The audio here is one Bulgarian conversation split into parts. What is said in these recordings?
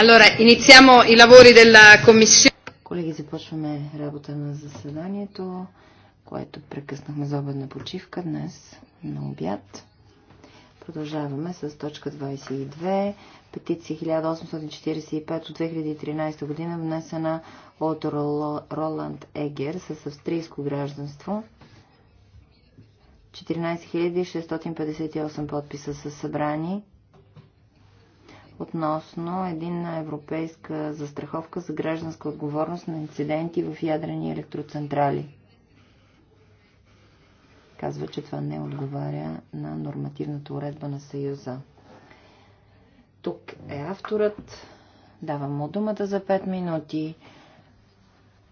Allora, iniziamo i lavori della commissione. Колеги, започваме работа на заседанието, което прекъснахме за обедна почивка днес на обяд. Продължаваме с точка 22, петиция 1845 от 2013 година, внесена от Роланд Егер с австрийско гражданство. 14658 подписа са събрани относно единна европейска застраховка за гражданска отговорност на инциденти в ядрени електроцентрали. Казва, че това не отговаря на нормативната уредба на Съюза. Тук е авторът. Давам му думата за 5 минути.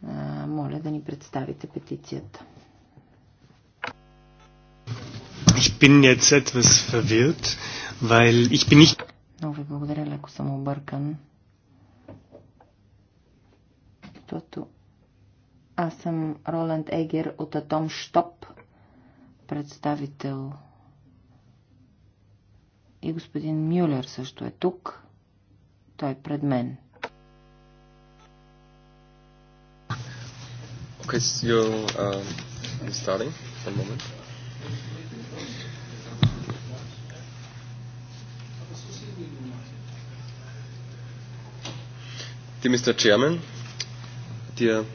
А, моля да ни представите петицията. Ich bin jetzt etwas verwirrt, weil ich bin nicht много ви благодаря, леко съм объркан. Защото аз съм Роланд Егер от Атом Штоп, представител. И господин Мюлер също е тук. Той е пред мен. Okay, so you're um, starting for a moment.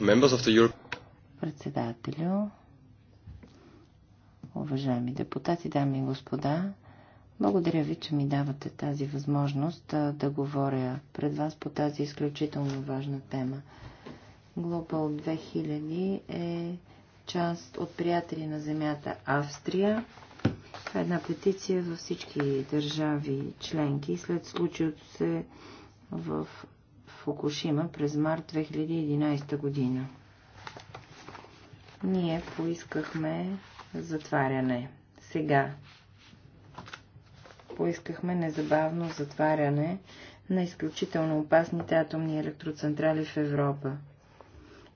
members of the Europe... Председателю, уважаеми депутати, дами и господа, благодаря ви, че ми давате тази възможност да, да говоря пред вас по тази изключително важна тема. Global 2000 е част от Приятели на Земята Австрия. Това е една петиция във всички държави членки след случилото се в Фукушима през март 2011 година. Ние поискахме затваряне. Сега поискахме незабавно затваряне на изключително опасните атомни електроцентрали в Европа.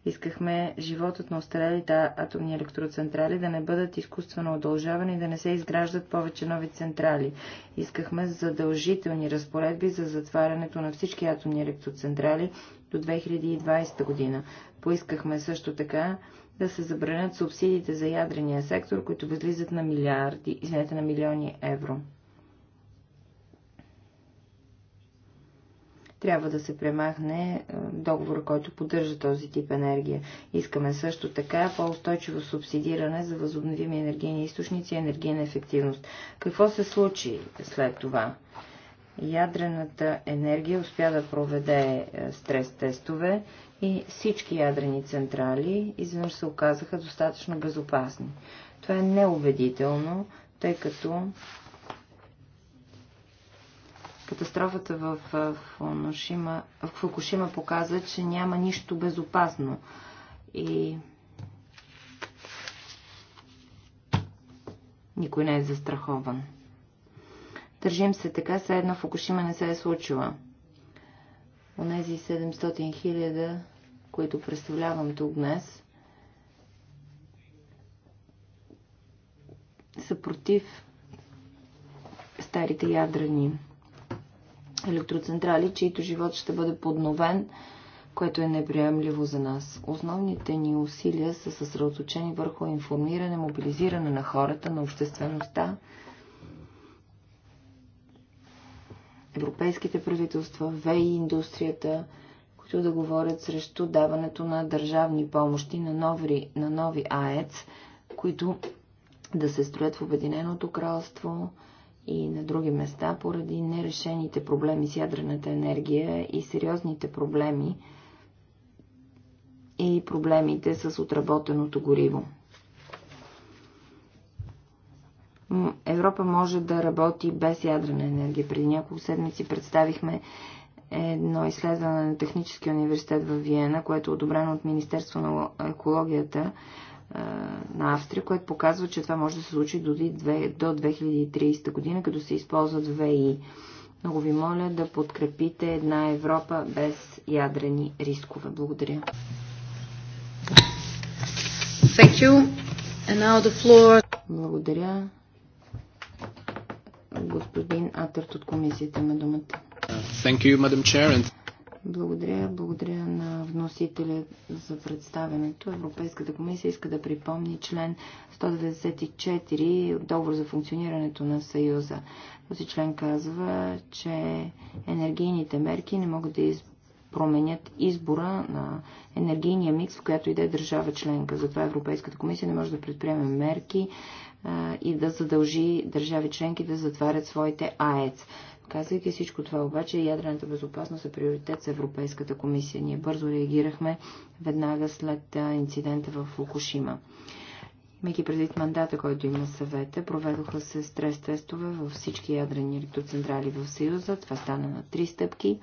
Искахме животът на остарелите атомни електроцентрали да не бъдат изкуствено удължавани и да не се изграждат повече нови централи. Искахме задължителни разпоредби за затварянето на всички атомни електроцентрали до 2020 година. Поискахме също така да се забранят субсидиите за ядрения сектор, които възлизат на милиарди, извинете, на милиони евро. трябва да се премахне е, договора, който поддържа този тип енергия. Искаме също така по-устойчиво субсидиране за възобновими енергийни източници и енергийна ефективност. Какво се случи след това? Ядрената енергия успя да проведе е, стрес-тестове и всички ядрени централи изведнъж се оказаха достатъчно безопасни. Това е неубедително, тъй като Катастрофата в в, в Фукушима показа, че няма нищо безопасно. И никой не е застрахован. Държим се така, все едно Фукушима не се е случила. Онези 700 хиляда, които представлявам тук днес, са против старите ядрени електроцентрали, чието живот ще бъде подновен, което е неприемливо за нас. Основните ни усилия са съсредоточени върху информиране, мобилизиране на хората, на обществеността, европейските правителства, ВЕИ индустрията, които да говорят срещу даването на държавни помощи на нови, на нови АЕЦ, които да се строят в Обединеното кралство, и на други места поради нерешените проблеми с ядрената енергия и сериозните проблеми и проблемите с отработеното гориво. Европа може да работи без ядрена енергия. Преди няколко седмици представихме едно изследване на Техническия университет в Виена, което е одобрено от Министерство на екологията на Австрия, което показва, че това може да се случи до 2030 година, като се използват ВИ. Много ви моля да подкрепите една Европа без ядрени рискове. Благодаря. Thank you. And now the floor. Благодаря. Господин Атърт от комисията на думата. Thank you, Madam Chair. And... Благодаря. Благодаря на вносителя за представенето. Европейската комисия иска да припомни член 194 от договор за функционирането на Съюза. Този член казва, че енергийните мерки не могат да из... променят избора на енергийния микс, в която иде държава членка. Затова Европейската комисия не може да предприеме мерки а, и да задължи държави членки да затварят своите АЕЦ. Казвайки всичко това обаче, ядрената безопасност е приоритет за Европейската комисия. Ние бързо реагирахме веднага след инцидента в Фукушима. Имайки предвид мандата, който има съвета, проведоха се стрес-тестове във всички ядрени електроцентрали в Съюза. Това стана на три стъпки.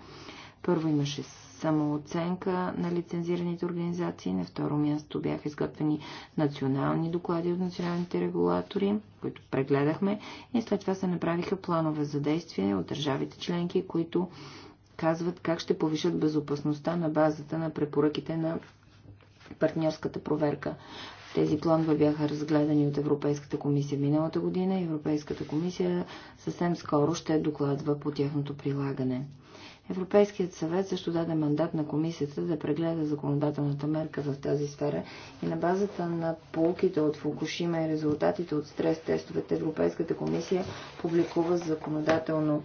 Първо имаше самооценка на лицензираните организации, на второ място бяха изготвени национални доклади от националните регулатори, които прегледахме, и след това се направиха планове за действие от държавите членки, които казват как ще повишат безопасността на базата на препоръките на партньорската проверка. Тези планове бяха разгледани от Европейската комисия миналата година и Европейската комисия съвсем скоро ще докладва по тяхното прилагане. Европейският съвет също даде мандат на комисията да прегледа законодателната мерка в тази сфера и на базата на полуките от Фукушима и резултатите от стрес-тестовете Европейската комисия публикува законодателно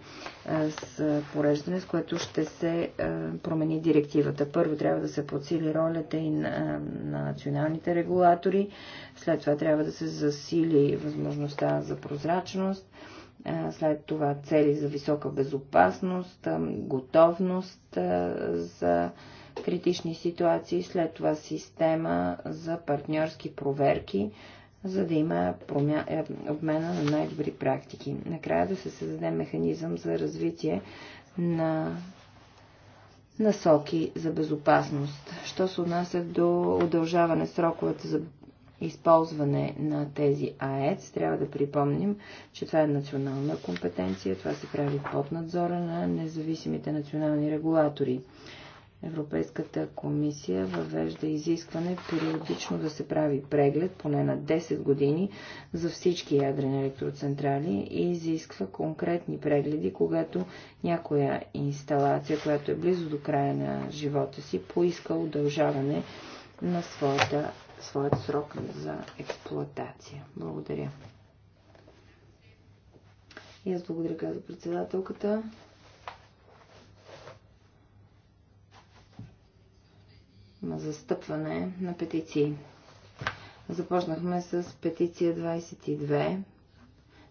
е, с пореждане, с което ще се е, промени директивата. Първо трябва да се подсили ролята и на, е, на националните регулатори, след това трябва да се засили възможността за прозрачност, след това цели за висока безопасност, готовност за критични ситуации, след това система за партньорски проверки, за да има промя... Е, обмена на най-добри практики. Накрая да се създаде механизъм за развитие на насоки за безопасност. Що се отнася до удължаване сроковете за използване на тези АЕЦ. Трябва да припомним, че това е национална компетенция, това се прави под надзора на независимите национални регулатори. Европейската комисия въвежда изискване периодично да се прави преглед, поне на 10 години, за всички ядрени електроцентрали и изисква конкретни прегледи, когато някоя инсталация, която е близо до края на живота си, поиска удължаване на своята своят срок за експлоатация. Благодаря. И аз благодаря, каза председателката. на застъпване на петиции. Започнахме с петиция 22.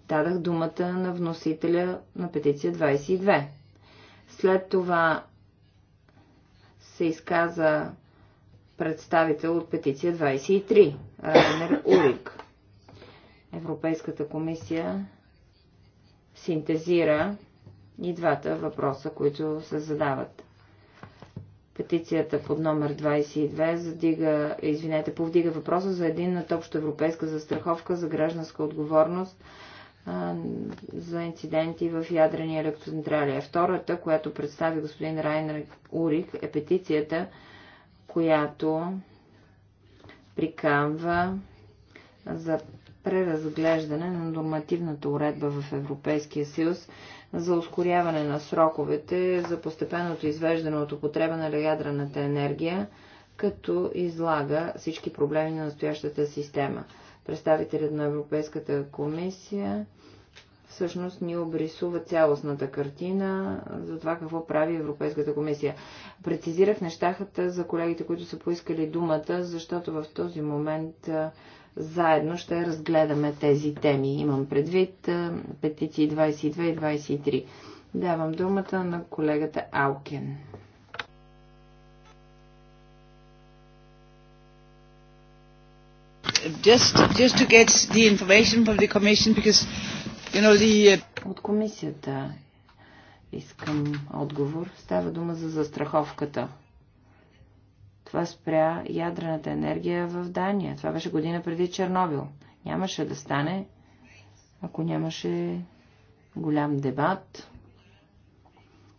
Дадах думата на вносителя на петиция 22. След това се изказа представител от петиция 23, Райнер Урик. Европейската комисия синтезира и двата въпроса, които се задават. Петицията под номер 22 задига, извинете, повдига въпроса за един общо европейска застраховка за гражданска отговорност а, за инциденти в ядрени електроцентрали. А втората, която представи господин Райнер Урих, е петицията която приканва за преразглеждане на нормативната уредба в Европейския съюз за ускоряване на сроковете за постепенното извеждане от употреба на ядрената енергия, като излага всички проблеми на настоящата система. Представителят на Европейската комисия всъщност ни обрисува цялостната картина за това какво прави Европейската комисия. Прецизирах нещахата за колегите, които са поискали думата, защото в този момент заедно ще разгледаме тези теми. Имам предвид петиции 22 и 23. Давам думата на колегата Алкен. Just, just to get the information from the Commission, because You know, the... Uh, От комисията искам отговор. Става дума за застраховката. Това спря ядрената енергия в Дания. Това беше година преди Чернобил. Нямаше да стане, ако нямаше голям дебат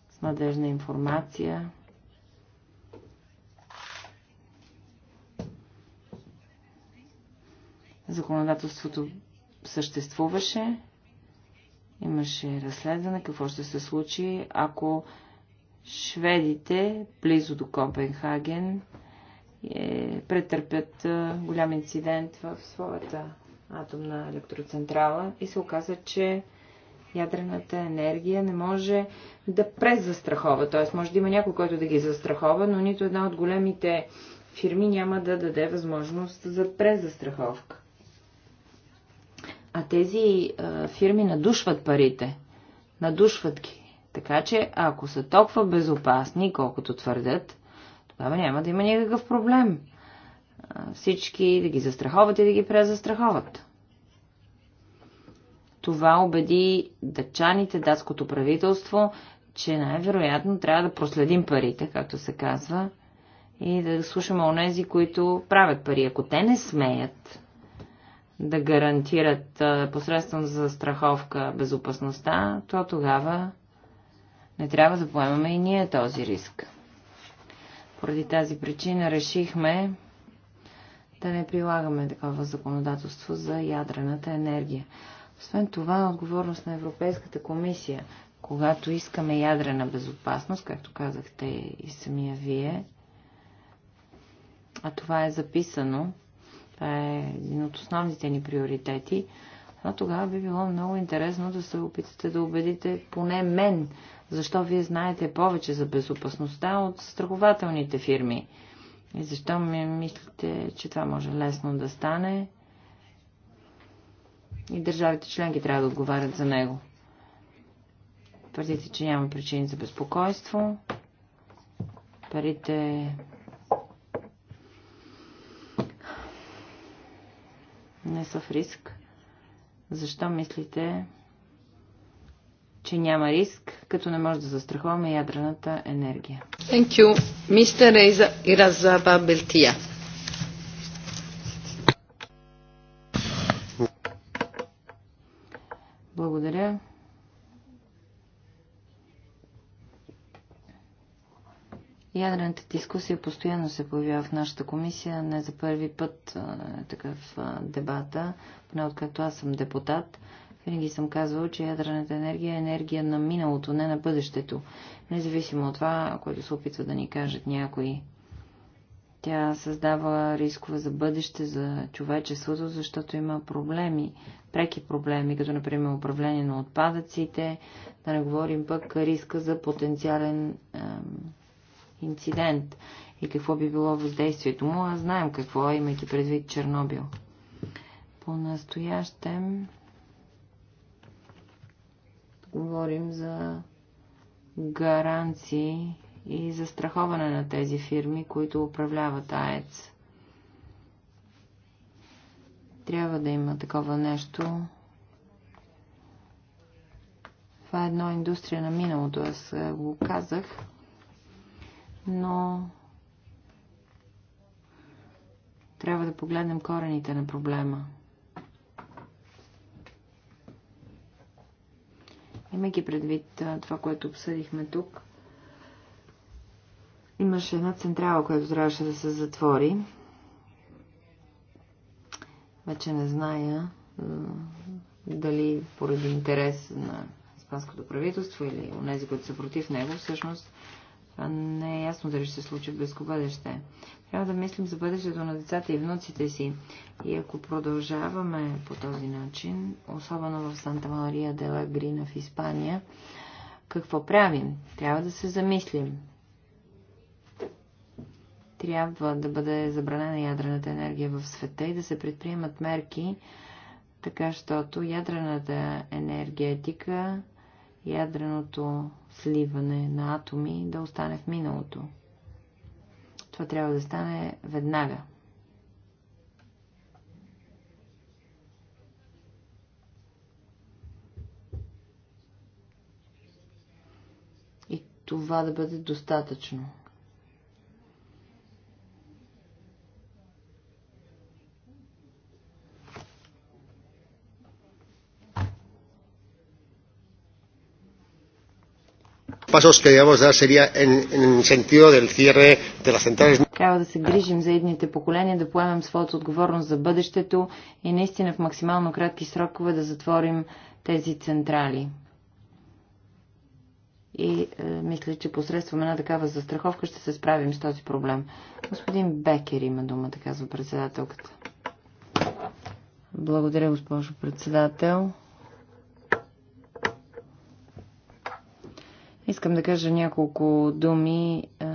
с надежна информация. Законодателството съществуваше. Имаше разследване какво ще се случи, ако шведите, близо до Копенхаген, е, претърпят е, голям инцидент в своята атомна електроцентрала и се оказа, че ядрената енергия не може да презастрахова. Т.е. може да има някой, който да ги застрахова, но нито една от големите фирми няма да даде възможност за презастраховка. А тези а, фирми надушват парите. Надушват ги. Така че, ако са толкова безопасни, колкото твърдят, тогава няма да има никакъв проблем. А, всички да ги застраховат и да ги презастраховат. Това убеди дъчаните, датското правителство, че най-вероятно трябва да проследим парите, както се казва, и да слушаме онези, които правят пари. Ако те не смеят да гарантират посредством за страховка безопасността, то тогава не трябва да поемаме и ние този риск. Поради тази причина решихме да не прилагаме такова законодателство за ядрената енергия. Освен това, отговорност на Европейската комисия, когато искаме ядрена безопасност, както казахте и самия вие, а това е записано това е един от основните ни приоритети. Но тогава би било много интересно да се опитате да убедите поне мен, защо вие знаете повече за безопасността от страхователните фирми. И защо ми мислите, че това може лесно да стане? И държавите членки трябва да отговарят за него. Твърдите, че няма причини за безпокойство. Парите не са в риск. Защо мислите, че няма риск, като не може да застраховаме ядрената енергия? Thank you, Mr. Irazaba Beltia. Ядрената дискусия постоянно се появява в нашата комисия, не за първи път е такъв дебата, поне откакто аз съм депутат. Винаги съм казвал, че ядрената енергия е енергия на миналото, не на бъдещето. Независимо от това, което се опитва да ни кажат някои. Тя създава рискове за бъдеще, за човечеството, защото има проблеми, преки проблеми, като например управление на отпадъците, да не говорим пък риска за потенциален ем, инцидент и какво би било въздействието му, а знаем какво е, имайки предвид Чернобил. По-настоящем говорим за гаранции и застраховане на тези фирми, които управляват АЕЦ. Трябва да има такова нещо. Това е едно индустрия на миналото, аз го казах но трябва да погледнем корените на проблема. Имайки предвид това, което обсъдихме тук, имаше една централа, която трябваше да се затвори. Вече не зная дали поради интерес на испанското правителство или нези, които са против него, всъщност не е ясно дали ще се случи в близко бъдеще. Трябва да мислим за бъдещето на децата и внуците си. И ако продължаваме по този начин, особено в Санта Мария де ла Грина в Испания, какво правим? Трябва да се замислим. Трябва да бъде забранена ядрената енергия в света и да се предприемат мерки, така щото ядрената енергетика, ядреното сливане на атоми да остане в миналото. Това трябва да стане веднага. И това да бъде достатъчно. pasos que debemos dar sería en, en sentido del cierre de las centrales. Трябва да се грижим за едните поколения, да поемем своята отговорност за бъдещето и наистина в максимално кратки срокове да затворим тези централи. И е, мисля, че посредством една такава застраховка ще се справим с този проблем. Господин Бекер има думата, казва председателката. Благодаря, госпожо председател. Искам да кажа няколко думи а,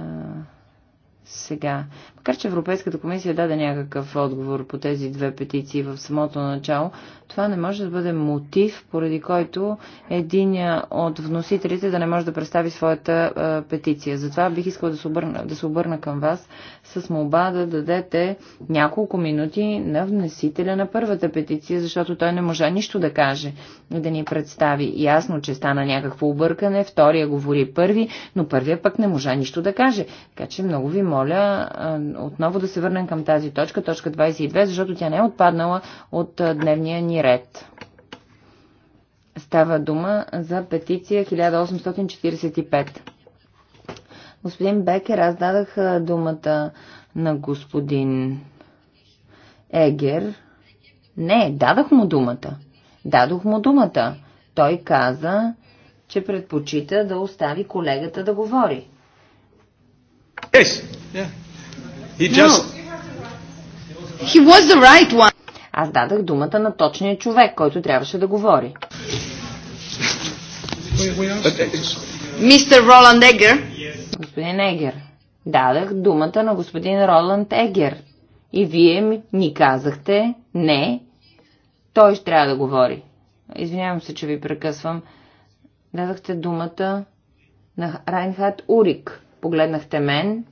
сега. Макар, че Европейската комисия даде някакъв отговор по тези две петиции в самото начало, това не може да бъде мотив, поради който един от вносителите да не може да представи своята петиция. Затова бих искала да се, обърна, да се обърна към вас с молба да дадете няколко минути на вносителя на първата петиция, защото той не можа нищо да каже и да ни представи. Ясно, че стана някакво объркане, втория говори първи, но първия пък не можа нищо да каже. Така че много ви моля отново да се върнем към тази точка, точка 22, защото тя не е отпаднала от дневния ни ред. Става дума за петиция 1845. Господин Бекер, аз дадах думата на господин Егер. Не, дадах му думата. Дадох му думата. Той каза, че предпочита да остави колегата да говори. Yes. Yeah. Е. He just... no. He was the right one. Аз дадах думата на точния човек, който трябваше да говори. Мистер Роланд Егер. Господин Егер. Дадах думата на господин Роланд Егер. И вие ми, ни казахте, не, той ще трябва да говори. Извинявам се, че ви прекъсвам. Дадахте думата на Райнхард Урик. Погледнахте мен,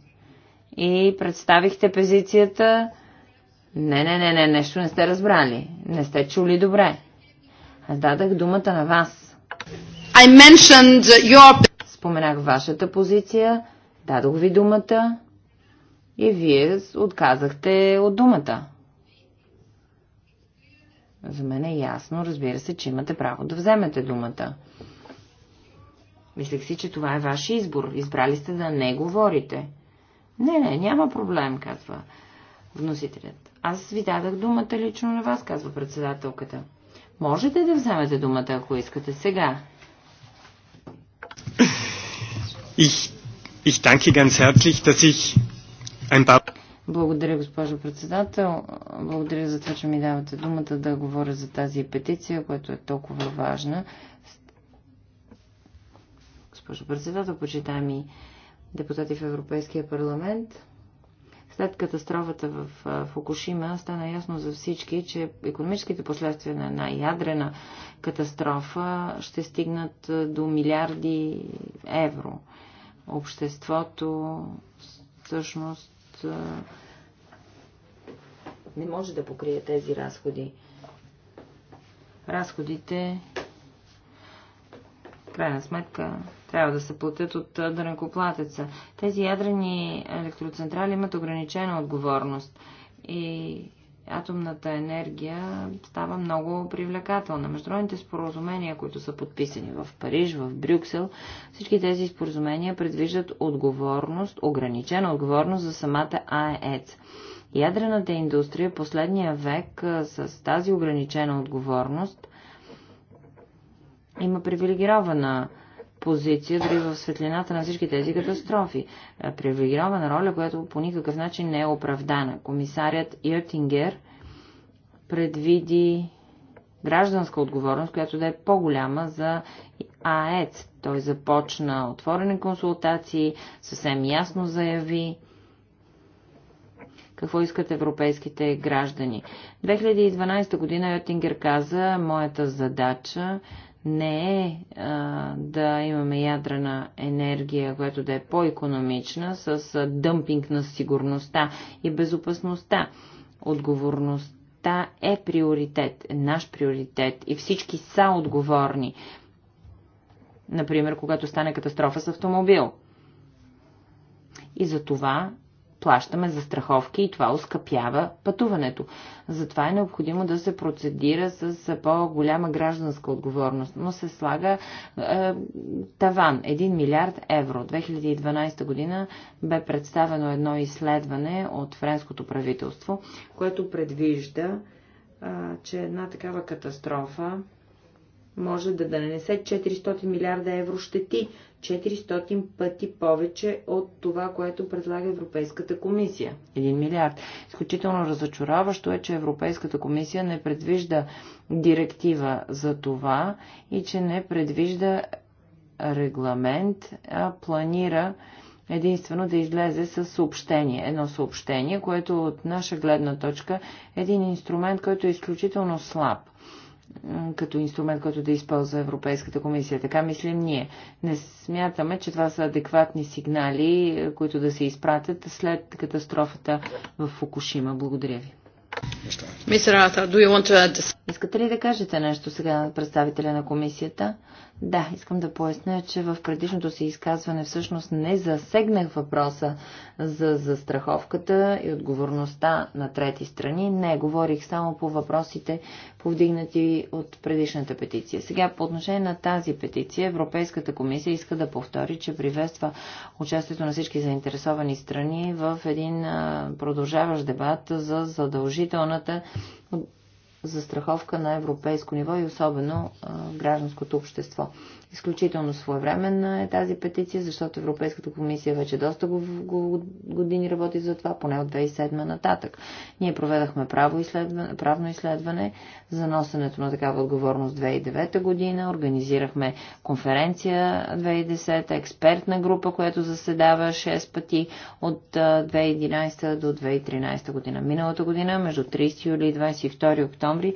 и представихте позицията. Не, не, не, не, нещо не сте разбрали. Не сте чули добре. Аз дадах думата на вас. I mentioned your... Споменах вашата позиция, дадох ви думата и вие отказахте от думата. За мен е ясно, разбира се, че имате право да вземете думата. Мислех си, че това е ваш избор. Избрали сте да не говорите. Не, не, няма проблем, казва вносителят. Аз ви дадах думата лично на вас, казва председателката. Можете да вземете думата, ако искате сега. Ich, ich danke ganz herzlich, dass ich ein paar... Благодаря, госпожо председател. Благодаря за това, че ми давате думата да говоря за тази петиция, която е толкова важна. Госпожо председател, ми депутати в Европейския парламент. След катастрофата в Фукушима стана ясно за всички, че економическите последствия на една ядрена катастрофа ще стигнат до милиарди евро. Обществото всъщност не може да покрие тези разходи. Разходите, крайна сметка, трябва да се платят от дънакоплатеца. Тези ядрени електроцентрали имат ограничена отговорност и атомната енергия става много привлекателна. Международните споразумения, които са подписани в Париж, в Брюксел, всички тези споразумения предвиждат отговорност, ограничена отговорност за самата АЕЦ. Ядрената индустрия последния век с тази ограничена отговорност има привилегирована позиция, дори в светлината на всички тези катастрофи. Е, привилегирована роля, която по никакъв начин не е оправдана. Комисарят Иртингер предвиди гражданска отговорност, която да е по-голяма за АЕЦ. Той започна отворени консултации, съвсем ясно заяви какво искат европейските граждани. 2012 година Йотингер каза, моята задача не е а, да имаме ядрена енергия, която да е по-економична, с а, дъмпинг на сигурността и безопасността. Отговорността е приоритет, е наш приоритет и всички са отговорни. Например, когато стане катастрофа с автомобил. И за това плащаме за страховки и това ускъпява пътуването. Затова е необходимо да се процедира с по-голяма гражданска отговорност, но се слага е, таван 1 милиард евро. 2012 година бе представено едно изследване от френското правителство, което предвижда, е, че една такава катастрофа може да нанесе 400 милиарда евро щети, 400 пъти повече от това, което предлага Европейската комисия. Един милиард. Изключително разочароващо е, че Европейската комисия не предвижда директива за това и че не предвижда регламент, а планира единствено да излезе с съобщение. Едно съобщение, което от наша гледна точка е един инструмент, който е изключително слаб – като инструмент, който да използва Европейската комисия. Така мислим ние. Не смятаме, че това са адекватни сигнали, е, които да се изпратят след катастрофата в Фукушима. Благодаря ви. Искате ли да кажете нещо сега на представителя на комисията? Да, искам да поясня, че в предишното си изказване всъщност не засегнах въпроса за застраховката и отговорността на трети страни. Не, говорих само по въпросите, повдигнати от предишната петиция. Сега, по отношение на тази петиция, Европейската комисия иска да повтори, че приветства участието на всички заинтересовани страни в един продължаващ дебат за задължителната застраховка на европейско ниво и особено а, гражданското общество. Изключително своевременна е тази петиция, защото Европейската комисия вече доста години работи за това, поне от 2007 нататък. Ние проведахме право изследване, правно изследване за носенето на такава отговорност 2009 година, организирахме конференция 2010, експертна група, която заседава 6 пъти от 2011 до 2013 година. Миналата година, между 30 юли и 22 октомври,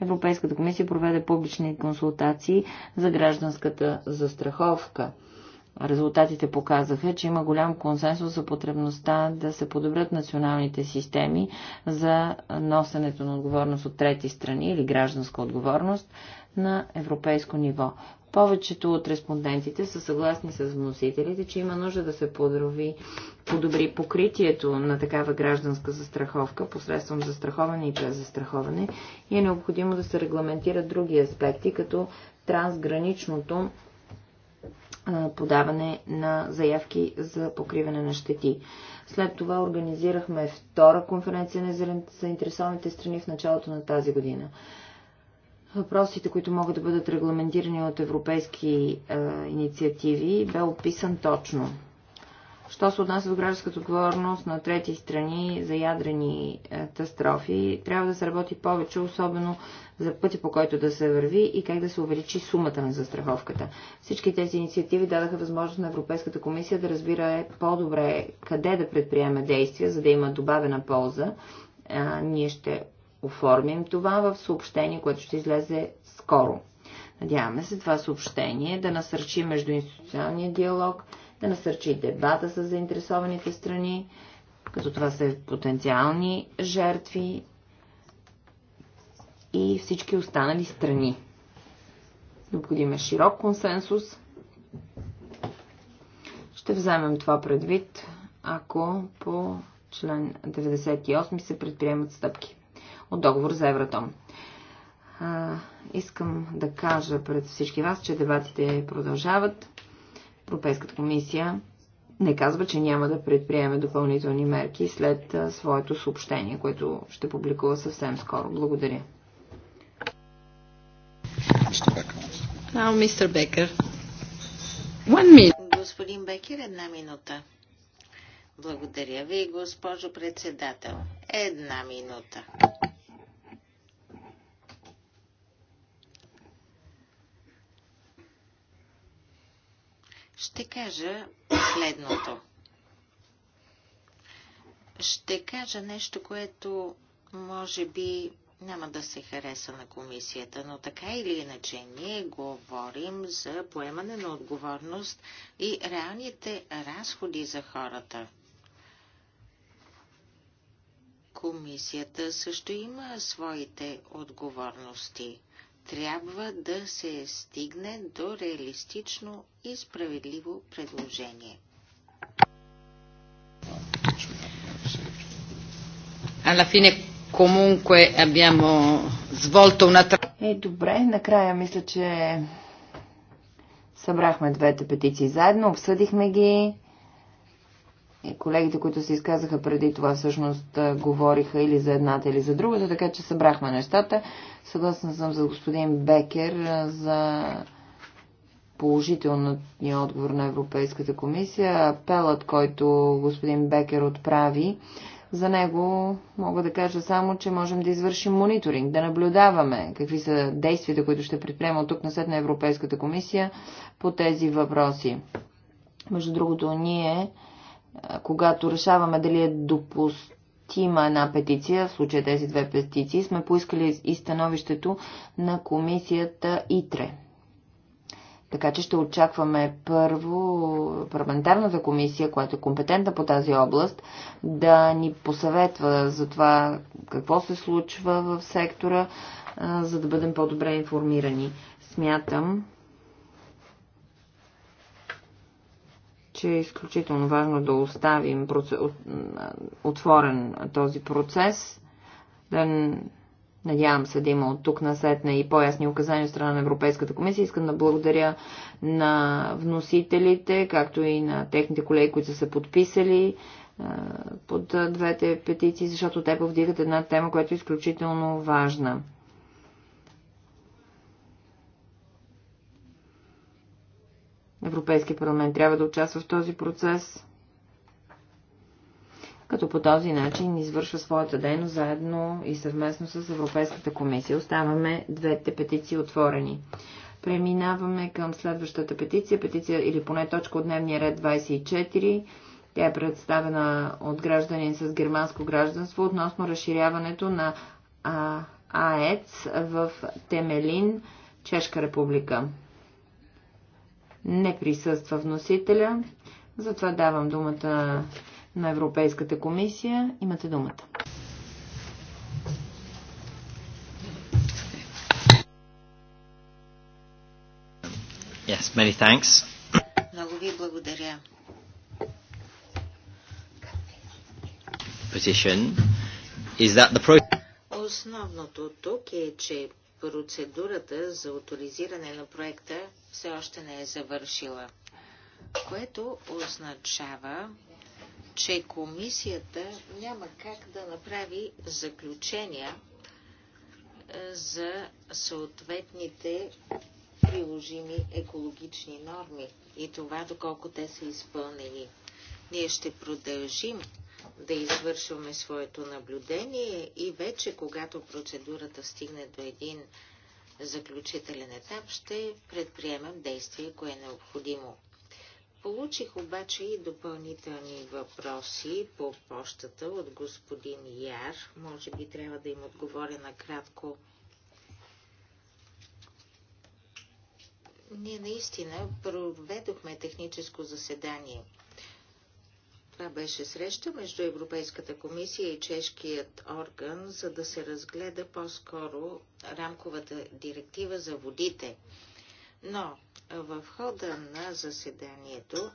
Европейската комисия проведе публични консултации за гражданската застраховка. Резултатите показаха, че има голям консенсус за потребността да се подобрят националните системи за носенето на отговорност от трети страни или гражданска отговорност на европейско ниво. Повечето от респондентите са съгласни с вносителите, че има нужда да се подрови, подобри покритието на такава гражданска застраховка посредством застраховане и презастраховане и е необходимо да се регламентират други аспекти, като трансграничното подаване на заявки за покриване на щети. След това организирахме втора конференция на заинтересованите страни в началото на тази година въпросите, които могат да бъдат регламентирани от европейски е, инициативи, бе описан точно. Що се отнася до гражданската отговорност на трети страни за ядрени е, катастрофи, трябва да се работи повече, особено за пъти по който да се върви и как да се увеличи сумата на застраховката. Всички тези инициативи дадаха възможност на Европейската комисия да разбира по-добре къде да предприеме действия, за да има добавена полза. Е, ние ще оформим това в съобщение, което ще излезе скоро. Надяваме се това съобщение да насърчи междуинституционния диалог, да насърчи дебата с заинтересованите страни, като това са потенциални жертви и всички останали страни. Необходим е широк консенсус. Ще вземем това предвид, ако по член 98 се предприемат стъпки от договор за Евратом. А, искам да кажа пред всички вас, че дебатите продължават. Европейската комисия не казва, че няма да предприеме допълнителни мерки след своето съобщение, което ще публикува съвсем скоро. Благодаря. Now, Mr. One minute. Господин Бекер, една минута. Благодаря ви, госпожо председател. Една минута. ще кажа следното. Ще кажа нещо, което може би няма да се хареса на комисията, но така или иначе ние говорим за поемане на отговорност и реалните разходи за хората. Комисията също има своите отговорности трябва да се стигне до реалистично и справедливо предложение. Alla fine comunque abbiamo svolto una tra... Е, добре, накрая мисля, че събрахме двете петиции заедно, обсъдихме ги колегите, които се изказаха преди това, всъщност говориха или за едната, или за другата, така че събрахме нещата. Съгласна съм за господин Бекер за положителния отговор на Европейската комисия. Апелът, който господин Бекер отправи, за него мога да кажа само, че можем да извършим мониторинг, да наблюдаваме какви са действията, които ще предприема от тук на след на Европейската комисия по тези въпроси. Между другото, ние когато решаваме дали е допустима една петиция, в случая тези две петиции, сме поискали и становището на комисията ИТРЕ. Така че ще очакваме първо парламентарната комисия, която е компетентна по тази област, да ни посъветва за това какво се случва в сектора, за да бъдем по-добре информирани. Смятам, че е изключително важно да оставим проц... отворен този процес, да Надявам се да има от тук на и по-ясни указания от страна на Европейската комисия. Искам да благодаря на вносителите, както и на техните колеги, които са се подписали под двете петиции, защото те повдигат една тема, която е изключително важна. Европейския парламент трябва да участва в този процес, като по този начин извършва своята дейност заедно и съвместно с Европейската комисия. Оставаме двете петиции отворени. Преминаваме към следващата петиция, петиция или поне точка от дневния ред 24. Тя е представена от гражданин с германско гражданство относно разширяването на а, АЕЦ в Темелин, Чешка република. Не присъства вносителя. Затова давам думата на Европейската комисия. Имате думата. Yes, many thanks. Много ви благодаря. Position is that the pro- Основното тук е, че процедурата за авторизиране на проекта все още не е завършила, което означава, че комисията няма как да направи заключения е, за съответните приложими екологични норми и това доколко те са изпълнени. Ние ще продължим да извършваме своето наблюдение и вече, когато процедурата стигне до един заключителен етап, ще предприемем действие, кое е необходимо. Получих обаче и допълнителни въпроси по почтата от господин Яр. Може би трябва да им отговоря накратко. Ние наистина проведохме техническо заседание – това беше среща между Европейската комисия и чешкият орган, за да се разгледа по-скоро рамковата директива за водите. Но в хода на заседанието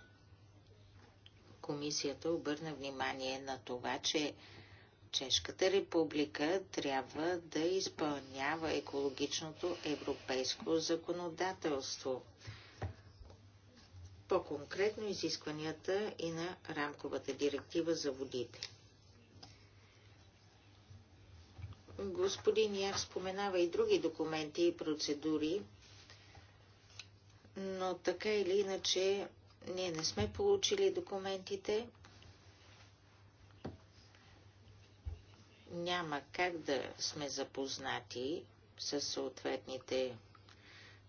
комисията обърна внимание на това, че Чешката република трябва да изпълнява екологичното европейско законодателство по-конкретно изискванията и на рамковата директива за водите. Господин Ях споменава и други документи и процедури, но така или иначе ние не сме получили документите. Няма как да сме запознати със съответните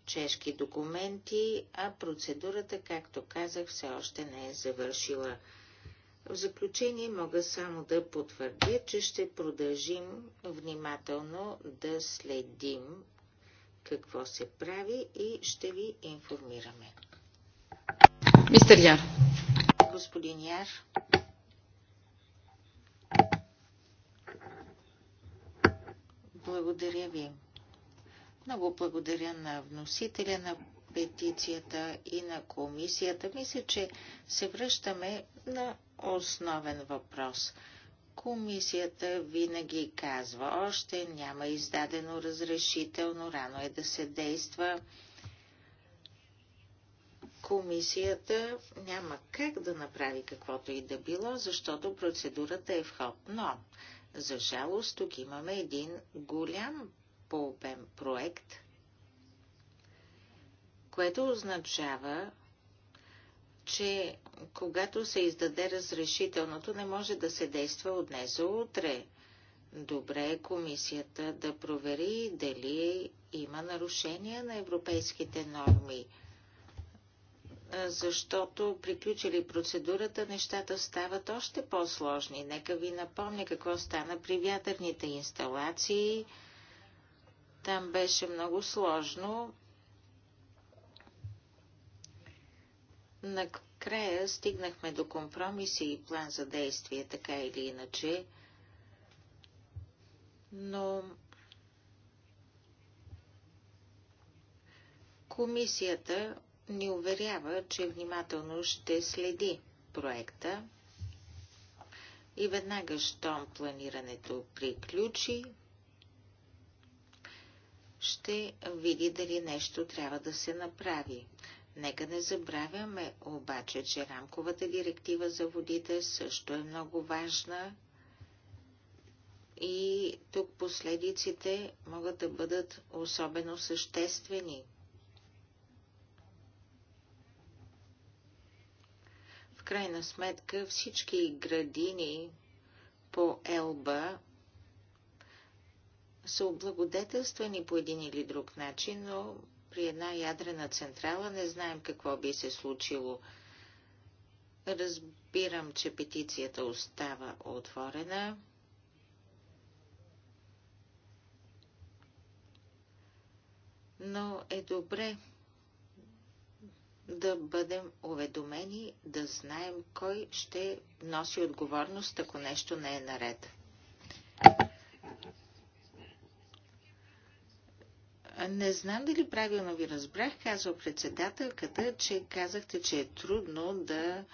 чешки документи, а процедурата, както казах, все още не е завършила. В заключение мога само да потвърдя, че ще продължим внимателно да следим какво се прави и ще ви информираме. Мистер Яр. Господин Яр. Благодаря ви. Много благодаря на вносителя на петицията и на комисията. Мисля, че се връщаме на основен въпрос. Комисията винаги казва, още няма издадено разрешително, рано е да се действа. Комисията няма как да направи каквото и да било, защото процедурата е в ход. Но, за жалост, тук имаме един голям по обем проект, което означава, че когато се издаде разрешителното, не може да се действа от днес за утре. Добре е комисията да провери дали има нарушения на европейските норми, защото приключили процедурата, нещата стават още по-сложни. Нека ви напомня какво стана при вятърните инсталации – там беше много сложно. Накрая стигнахме до компромиси и план за действие, така или иначе. Но комисията ни уверява, че внимателно ще следи проекта и веднага, щом планирането приключи, ще види дали нещо трябва да се направи. Нека не забравяме обаче, че рамковата директива за водите също е много важна и тук последиците могат да бъдат особено съществени. В крайна сметка всички градини по Елба са облагодетелствани по един или друг начин, но при една ядрена централа не знаем какво би се случило. Разбирам, че петицията остава отворена. Но е добре да бъдем уведомени, да знаем кой ще носи отговорност, ако нещо не е наред. Не знам дали правилно ви разбрах, казва председателката, че казахте, че е трудно да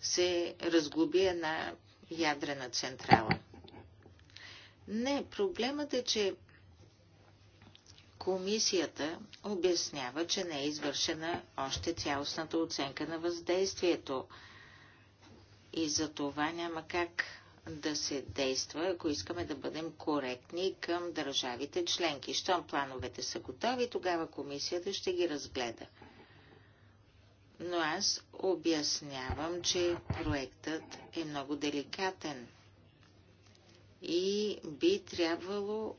се разглоби една ядрена централа. Не, проблемът е, че комисията обяснява, че не е извършена още цялостната оценка на въздействието. И за това няма как да се действа, ако искаме да бъдем коректни към държавите членки. Щом плановете са готови, тогава комисията ще ги разгледа. Но аз обяснявам, че проектът е много деликатен и би трябвало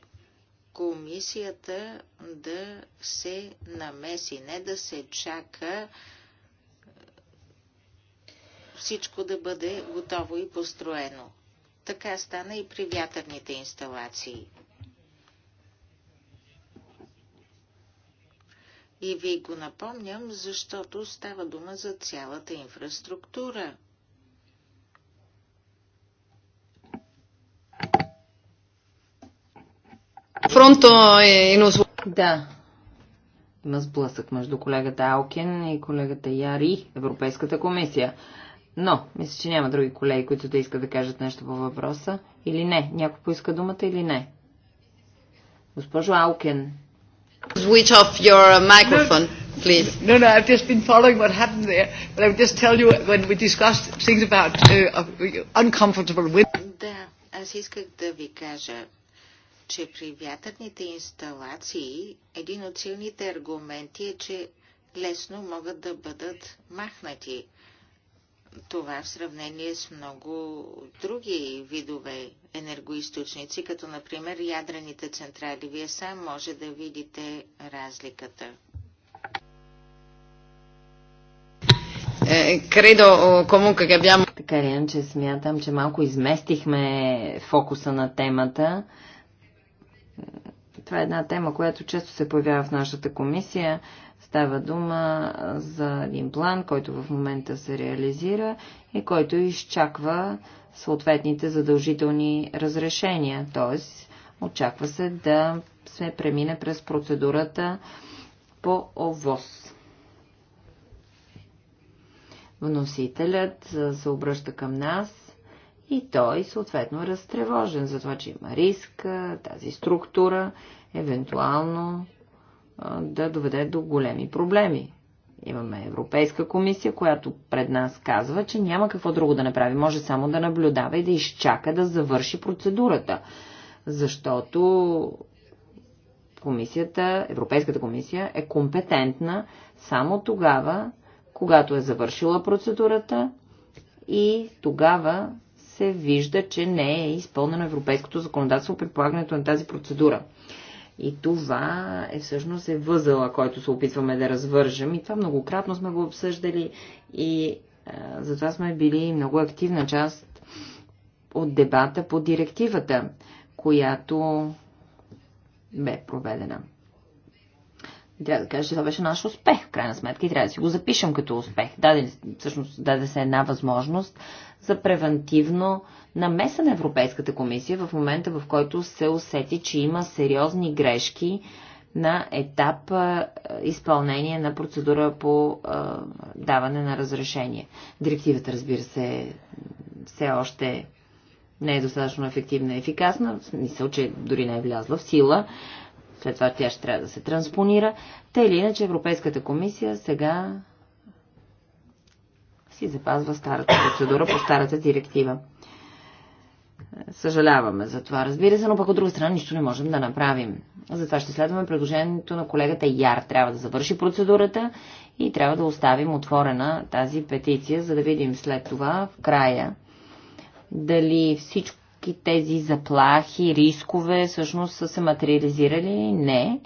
комисията да се намеси, не да се чака е, всичко да бъде готово и построено. Така стана и при вятърните инсталации. И ви го напомням, защото става дума за цялата инфраструктура. Фронто е Да. Има сблъсък между колегата Алкин и колегата Яри, Европейската комисия. Но, мисля, че няма други колеги, които да искат да кажат нещо по въпроса. Или не? Някой поиска думата или не? Госпожо Аукен. Switch off your uh, microphone, please. No, no, I've just been following what happened there, but I would just tell you when we discussed things about uh, uncomfortable women. Да, аз исках да ви кажа, че при вятърните инсталации един от силните аргументи е, че лесно могат да бъдат махнати това в сравнение с много други видове енергоисточници, като например ядрените централи. Вие сам може да видите разликата. Е, кредо, кому как абbiamo... Така или че смятам, че малко изместихме фокуса на темата. Това е една тема, която често се появява в нашата комисия. Става дума за един план, който в момента се реализира и който изчаква съответните задължителни разрешения. Т.е. очаква се да се премине през процедурата по ОВОС. Вносителят се обръща към нас и той съответно е разтревожен за това, че има риск, тази структура, евентуално да доведе до големи проблеми. Имаме Европейска комисия, която пред нас казва, че няма какво друго да направи. Може само да наблюдава и да изчака да завърши процедурата. Защото комисията, Европейската комисия е компетентна само тогава, когато е завършила процедурата и тогава се вижда, че не е изпълнено европейското законодателство при полагането на тази процедура. И това е всъщност е възела, който се опитваме да развържем. И това многократно сме го обсъждали и а, затова сме били много активна част от дебата по директивата, която бе проведена. трябва да кажа, че това беше наш успех, в крайна сметка, и трябва да си го запишем като успех. Даде, всъщност даде се е една възможност за превентивно намеса на Европейската комисия в момента, в който се усети, че има сериозни грешки на етап а, изпълнение на процедура по а, даване на разрешение. Директивата, разбира се, все още не е достатъчно ефективна и ефикасна, в смисъл, че дори не е влязла в сила. След това тя ще трябва да се транспонира. Та или иначе Европейската комисия сега си запазва старата процедура по старата директива. Съжаляваме за това, разбира се, но пък от друга страна нищо не можем да направим. Затова ще следваме предложението на колегата Яр. Трябва да завърши процедурата и трябва да оставим отворена тази петиция, за да видим след това в края дали всички тези заплахи, рискове всъщност са се материализирали или не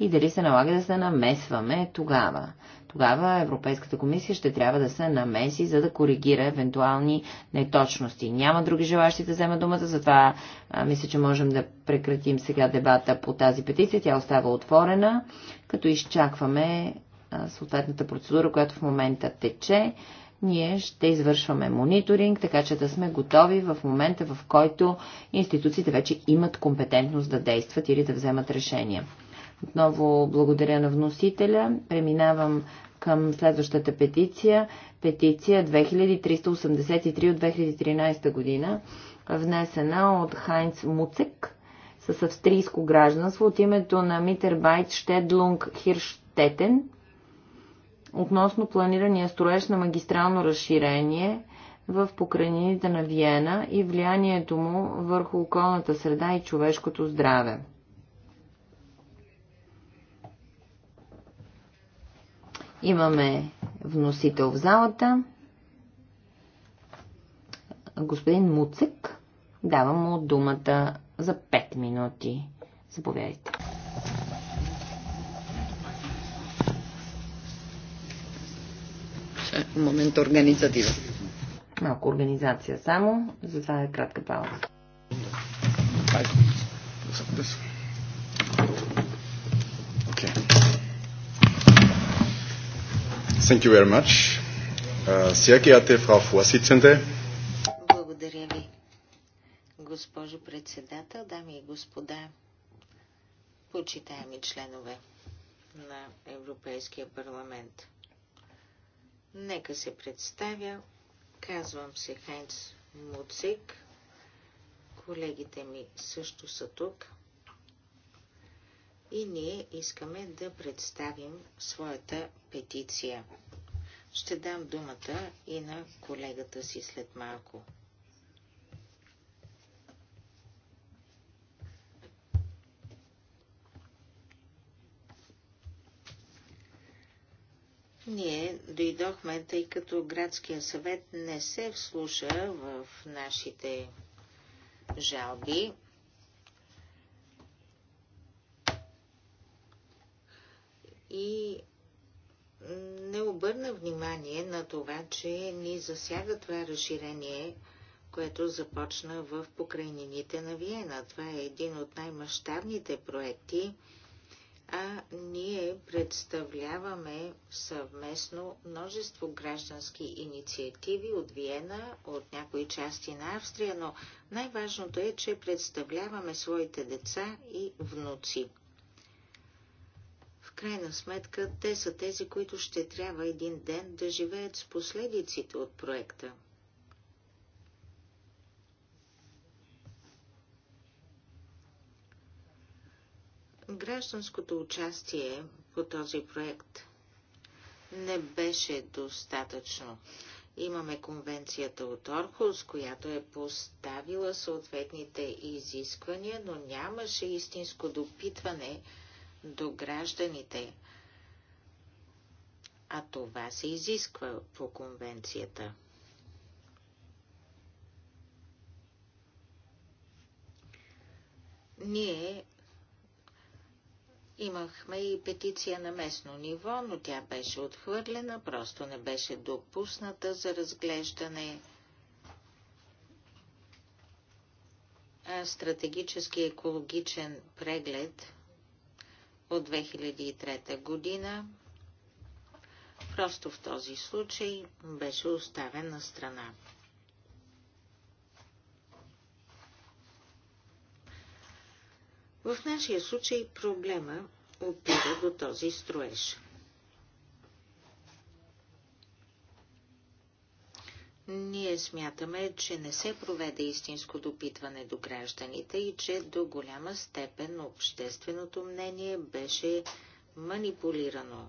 и дали се налага да се намесваме тогава. Тогава Европейската комисия ще трябва да се намеси, за да коригира евентуални неточности. Няма други желащи да взема думата, затова а, мисля, че можем да прекратим сега дебата по тази петиция. Тя остава отворена, като изчакваме а, съответната процедура, която в момента тече ние ще извършваме мониторинг, така че да сме готови в момента, в който институциите вече имат компетентност да действат или да вземат решения. Отново благодаря на вносителя. Преминавам към следващата петиция. Петиция 2383 от 2013 година, внесена от Хайнц Муцек с австрийско гражданство от името на Митербайт Штедлунг Хирштетен относно планирания строеж на магистрално разширение в покрайнините на Виена и влиянието му върху околната среда и човешкото здраве. Имаме вносител в залата. Господин Муцик, давам му думата за 5 минути. Заповядайте. момент организатива. Малко организация само, затова е кратка пауза. Thank you very much. Uh, Sehr geehrte Frau Vorsitzende. Благодаря ви, госпожо председател, дами и господа, почитаеми членове на Европейския парламент. Нека се представя. Казвам се Хайнц Муцик. Колегите ми също са тук и ние искаме да представим своята петиция. Ще дам думата и на колегата си след малко. Ние дойдохме, тъй като градския съвет не се вслуша в нашите жалби. и не обърна внимание на това, че ни засяга това разширение, което започна в покрайнините на Виена. Това е един от най-мащабните проекти, а ние представляваме съвместно множество граждански инициативи от Виена, от някои части на Австрия, но най-важното е, че представляваме своите деца и внуци крайна сметка те са тези, които ще трябва един ден да живеят с последиците от проекта. Гражданското участие по този проект не беше достатъчно. Имаме конвенцията от Орхус, която е поставила съответните изисквания, но нямаше истинско допитване до гражданите. А това се изисква по конвенцията. Ние имахме и петиция на местно ниво, но тя беше отхвърлена, просто не беше допусната за разглеждане. стратегически екологичен преглед от 2003 година. Просто в този случай беше оставен на страна. В нашия случай проблема опира до този строеж. Ние смятаме, че не се проведе истинско допитване до гражданите и че до голяма степен общественото мнение беше манипулирано.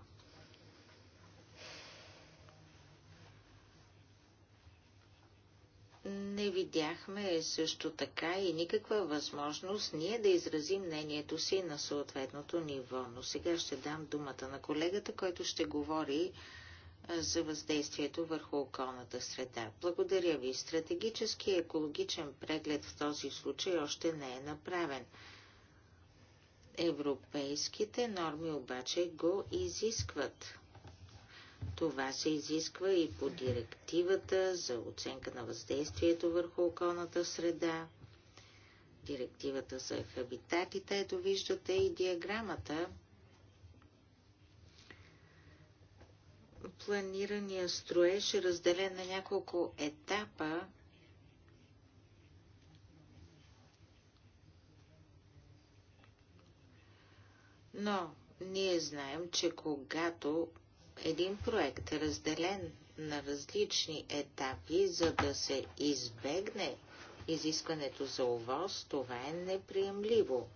Не видяхме също така и никаква възможност ние да изразим мнението си на съответното ниво, но сега ще дам думата на колегата, който ще говори за въздействието върху околната среда. Благодаря ви. Стратегически екологичен преглед в този случай още не е направен. Европейските норми обаче го изискват. Това се изисква и по директивата за оценка на въздействието върху околната среда, директивата за хабитатите, ето виждате и диаграмата планирания строеж е разделен на няколко етапа. Но ние знаем, че когато един проект е разделен на различни етапи, за да се избегне изискването за увоз, това е неприемливо.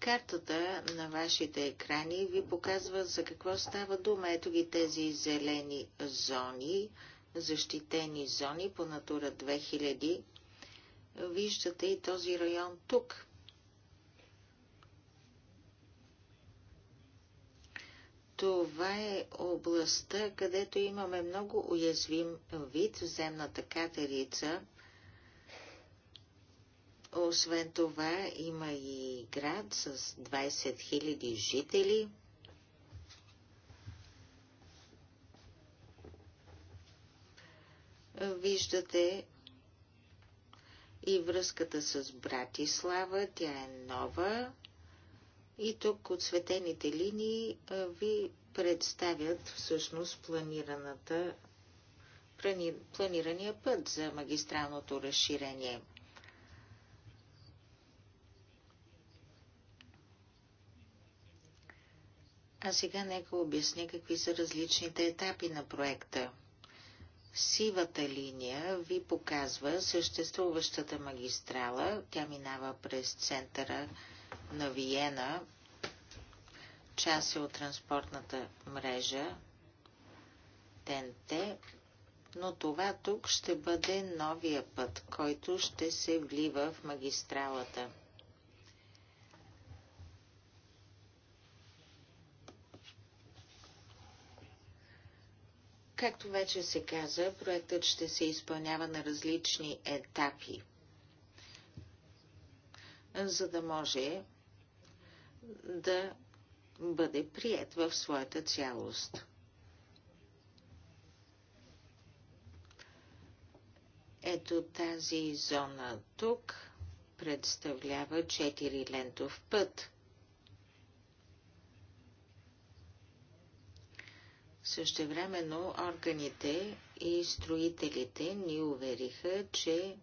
Картата на вашите екрани ви показва за какво става дума. Ето ги тези зелени зони, защитени зони по Натура 2000. Виждате и този район тук. Това е областта, където имаме много уязвим вид земната катерица – освен това има и град с 20 000 жители. Виждате и връзката с Братислава, тя е нова. И тук от светените линии ви представят всъщност планираната планирания път за магистралното разширение. А сега нека обясня какви са различните етапи на проекта. Сивата линия ви показва съществуващата магистрала. Тя минава през центъра на Виена. Част е от транспортната мрежа ТНТ, но това тук ще бъде новия път, който ще се влива в магистралата – Както вече се каза, проектът ще се изпълнява на различни етапи, за да може да бъде прият в своята цялост. Ето тази зона тук представлява 4 лентов път – Същевременно органите и строителите ни увериха, че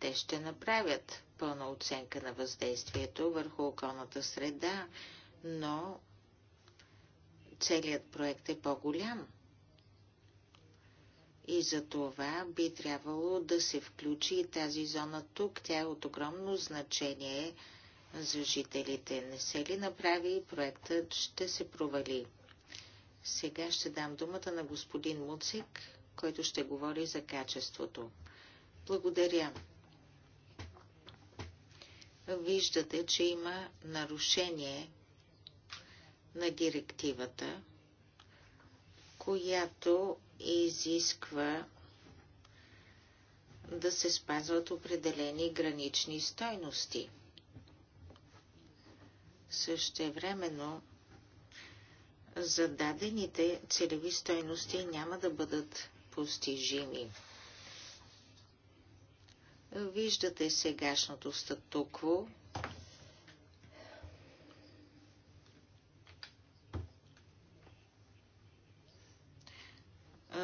те ще направят пълна оценка на въздействието върху околната среда, но целият проект е по-голям. И за това би трябвало да се включи и тази зона тук. Тя е от огромно значение за жителите. Не се ли направи, проектът ще се провали. Сега ще дам думата на господин Муцик, който ще говори за качеството. Благодаря. Виждате, че има нарушение на директивата, която изисква да се спазват определени гранични стойности. времено, зададените целеви стойности няма да бъдат постижими. Виждате сегашното статукво.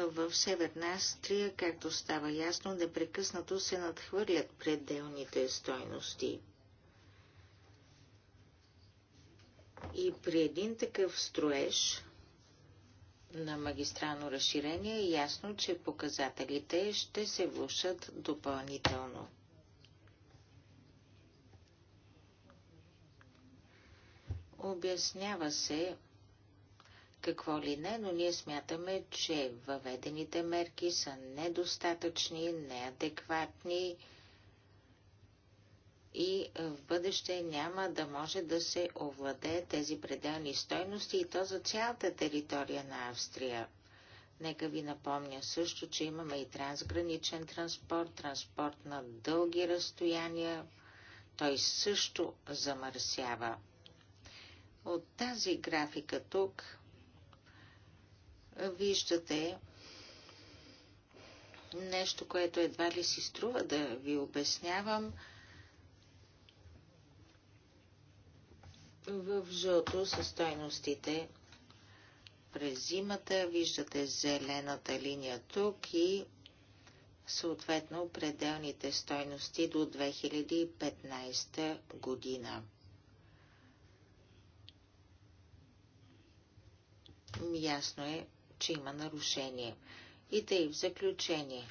В Северна Астрия, както става ясно, непрекъснато се надхвърлят пределните стойности – При един такъв строеж на магистрално разширение е ясно, че показателите ще се влушат допълнително. Обяснява се какво ли не, но ние смятаме, че въведените мерки са недостатъчни, неадекватни, и в бъдеще няма да може да се овладее тези пределни стойности и то за цялата територия на Австрия. Нека ви напомня също, че имаме и трансграничен транспорт, транспорт на дълги разстояния. Той също замърсява. От тази графика тук виждате нещо, което едва ли си струва да ви обяснявам – В жълто са стойностите през зимата. Виждате зелената линия тук и съответно пределните стойности до 2015 година. Ясно е, че има нарушение. И тъй в заключение.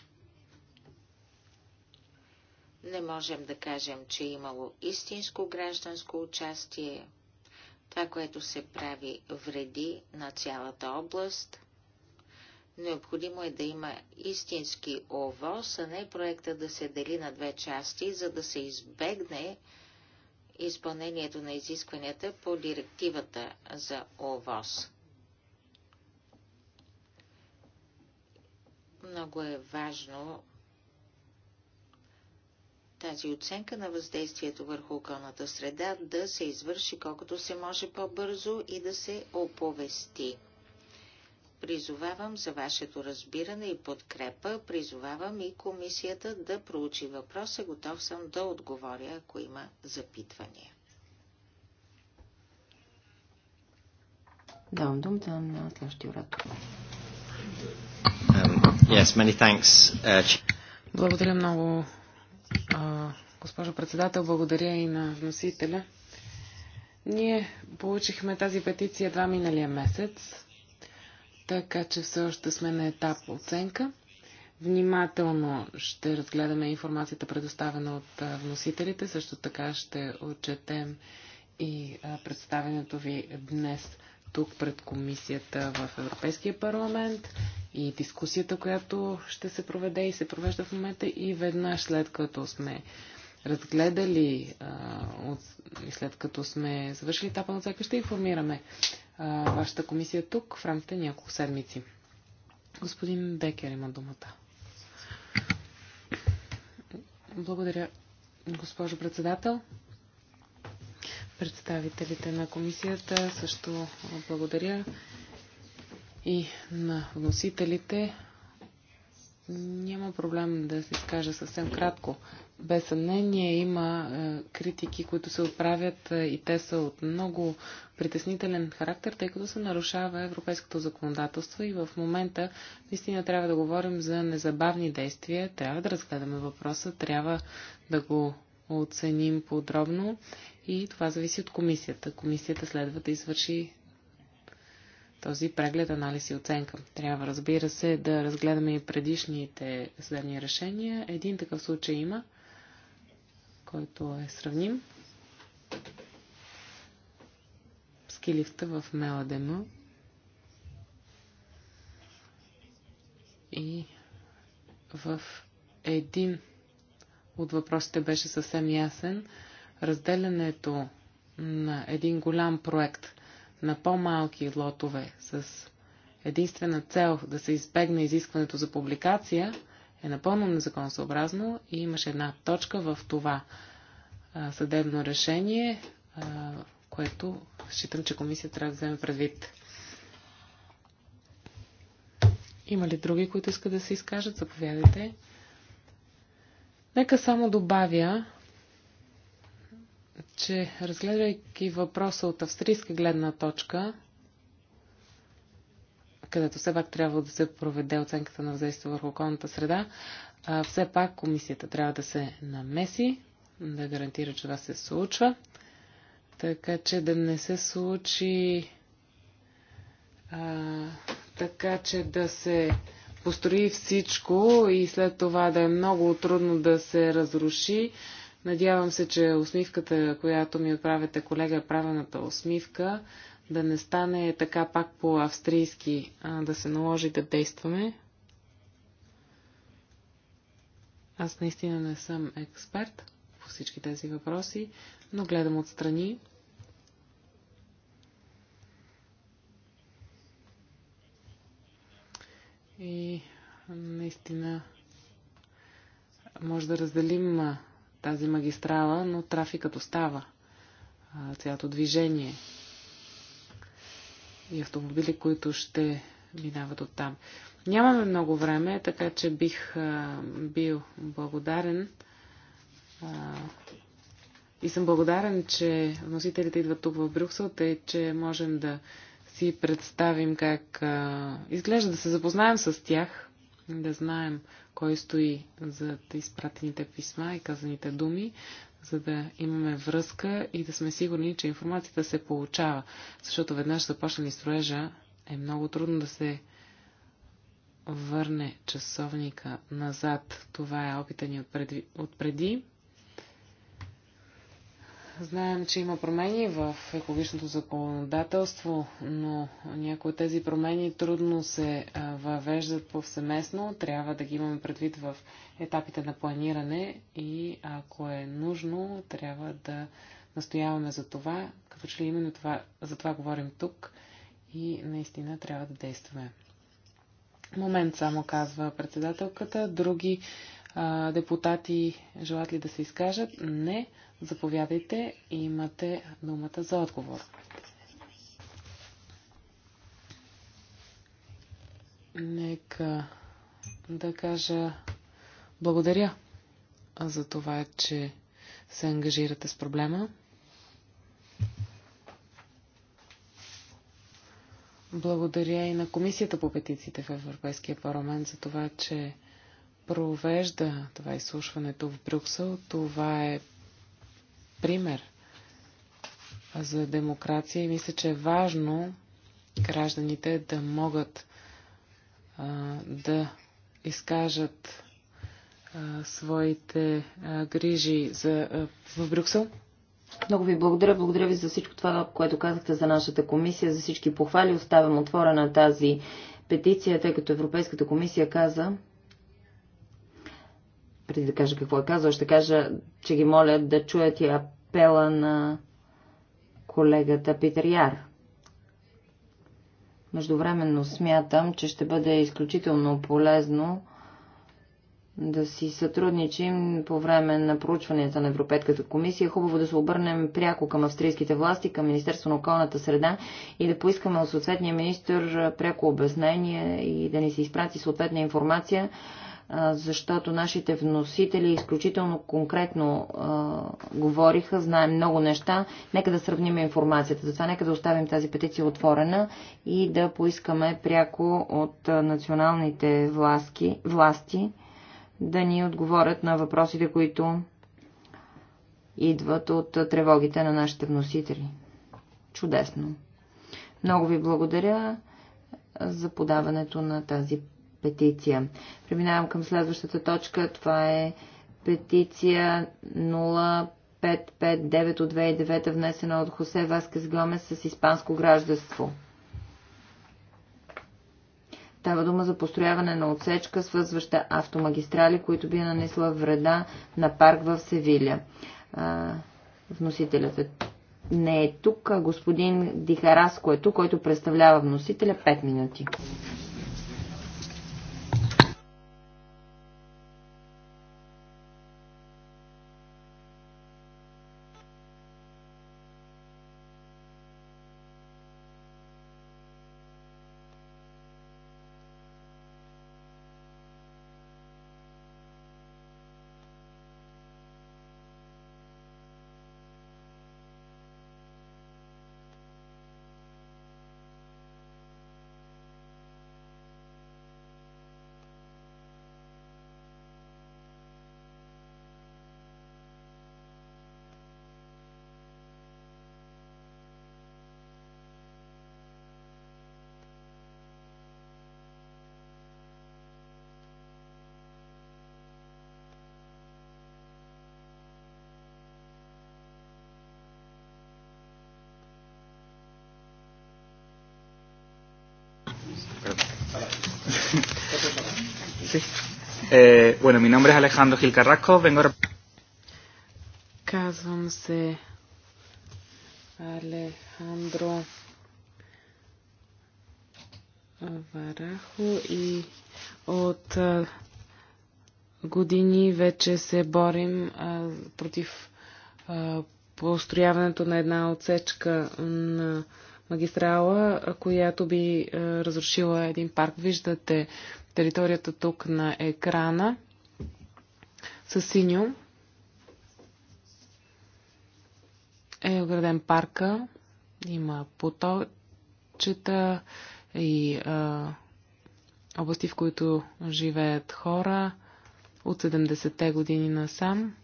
Не можем да кажем, че е имало истинско гражданско участие, това, което се прави, вреди на цялата област. Необходимо е да има истински овоз, а не проекта да се дели на две части, за да се избегне изпълнението на изискванията по директивата за ОВОз. Много е важно тази оценка на въздействието върху околната среда да се извърши колкото се може по-бързо и да се оповести. Призовавам за вашето разбиране и подкрепа, призовавам и комисията да проучи въпроса, готов съм да отговоря, ако има запитвания. Давам думата на следващия оратор. Um, yes, many thanks. Uh... Благодаря много, а, госпожо председател. Благодаря и на вносителя. Ние получихме тази петиция два миналия месец, така че все още сме на етап оценка. Внимателно ще разгледаме информацията, предоставена от вносителите. Също така ще отчетем и представенето ви днес тук пред комисията в Европейския парламент и дискусията, която ще се проведе и се провежда в момента и веднъж след като сме разгледали а, от, и след като сме завършили етапа на цяка, ще информираме а, вашата комисия тук в рамките няколко седмици. Господин Бекер има думата. Благодаря, госпожо председател представителите на комисията. Също благодаря и на вносителите. Няма проблем да се изкажа съвсем кратко. Без съмнение има е, критики, които се отправят е, и те са от много притеснителен характер, тъй като се нарушава европейското законодателство и в момента наистина трябва да говорим за незабавни действия, трябва да разгледаме въпроса, трябва да го оценим подробно и това зависи от комисията. Комисията следва да извърши този преглед, анализ и оценка. Трябва, разбира се, да разгледаме и предишните съдебни решения. Един такъв случай има, който е сравним Скилифта в Меладема. И в един от въпросите беше съвсем ясен разделянето на един голям проект на по-малки лотове с единствена цел да се избегне изискването за публикация е напълно незаконосъобразно и имаше една точка в това съдебно решение, което считам, че комисията трябва да вземе предвид. Има ли други, които искат да се изкажат? Заповядайте. Нека само добавя, че разгледайки въпроса от австрийска гледна точка, където все пак трябва да се проведе оценката на въздействие върху околната среда, все пак комисията трябва да се намеси, да гарантира, че това се случва, така че да не се случи а, така, че да се построи всичко и след това да е много трудно да се разруши Надявам се, че усмивката, която ми отправяте колега, е правената усмивка, да не стане така пак по-австрийски, да се наложи да действаме. Аз наистина не съм експерт по всички тези въпроси, но гледам отстрани. И наистина може да разделим тази магистрала, но трафикът остава. Цялото движение и автомобили, които ще минават от там. Нямаме много време, така че бих бил благодарен. и съм благодарен, че вносителите идват тук в Брюксел, тъй че можем да си представим как изглежда, да се запознаем с тях, да знаем кой стои за изпратените писма и казаните думи, за да имаме връзка и да сме сигурни, че информацията се получава. Защото веднъж започнали строежа, е много трудно да се върне часовника назад. Това е опита ни От преди. Знаем, че има промени в екологичното законодателство, но някои от тези промени трудно се въвеждат повсеместно. Трябва да ги имаме предвид в етапите на планиране и ако е нужно, трябва да настояваме за това, като че ли именно това, за това говорим тук и наистина трябва да действаме. Момент само казва председателката. Други а, депутати желат ли да се изкажат? Не. Заповядайте, имате думата за отговор. Нека да кажа благодаря за това, че се ангажирате с проблема. Благодаря и на Комисията по петициите в Европейския парламент за това, че провежда това изслушването в Брюксел. Това е пример за демокрация и мисля, че е важно гражданите да могат а, да изкажат а, своите а, грижи за, а, в Брюксел. Много ви благодаря. Благодаря ви за всичко това, което казахте за нашата комисия, за всички похвали. Оставям отворена тази петиция, тъй като Европейската комисия каза, преди да кажа какво е казал, ще кажа, че ги моля да чуят и апела на колегата Питер Яр. Междувременно смятам, че ще бъде изключително полезно да си сътрудничим по време на проучванията на Европейската комисия. Хубаво да се обърнем пряко към австрийските власти, към Министерство на околната среда и да поискаме от съответния министр пряко обяснение и да ни се изпрати съответна информация защото нашите вносители изключително конкретно а, говориха, знаем много неща. Нека да сравним информацията. Затова нека да оставим тази петиция отворена и да поискаме пряко от националните власти, власти да ни отговорят на въпросите, които идват от тревогите на нашите вносители. Чудесно! Много ви благодаря за подаването на тази петиция. Преминавам към следващата точка. Това е петиция 0559 от 2009, внесена от Хосе Васкес Гомес с испанско гражданство. Става дума за построяване на отсечка, свързваща автомагистрали, които би нанесла вреда на парк в Севиля. вносителят е не е тук, а господин Дихараско е тук, който представлява вносителя 5 минути. Sí. Eh, bueno, mi nombre es Alejandro Gil Carrasco, vengo... Казвам се Алехандро Варахо и от години вече се борим против построяването на една отсечка на магистрала, която би разрушила един парк. Виждате територията тук на екрана с синьо е ограден парка. Има поточета и а, области, в които живеят хора от 70-те години насам.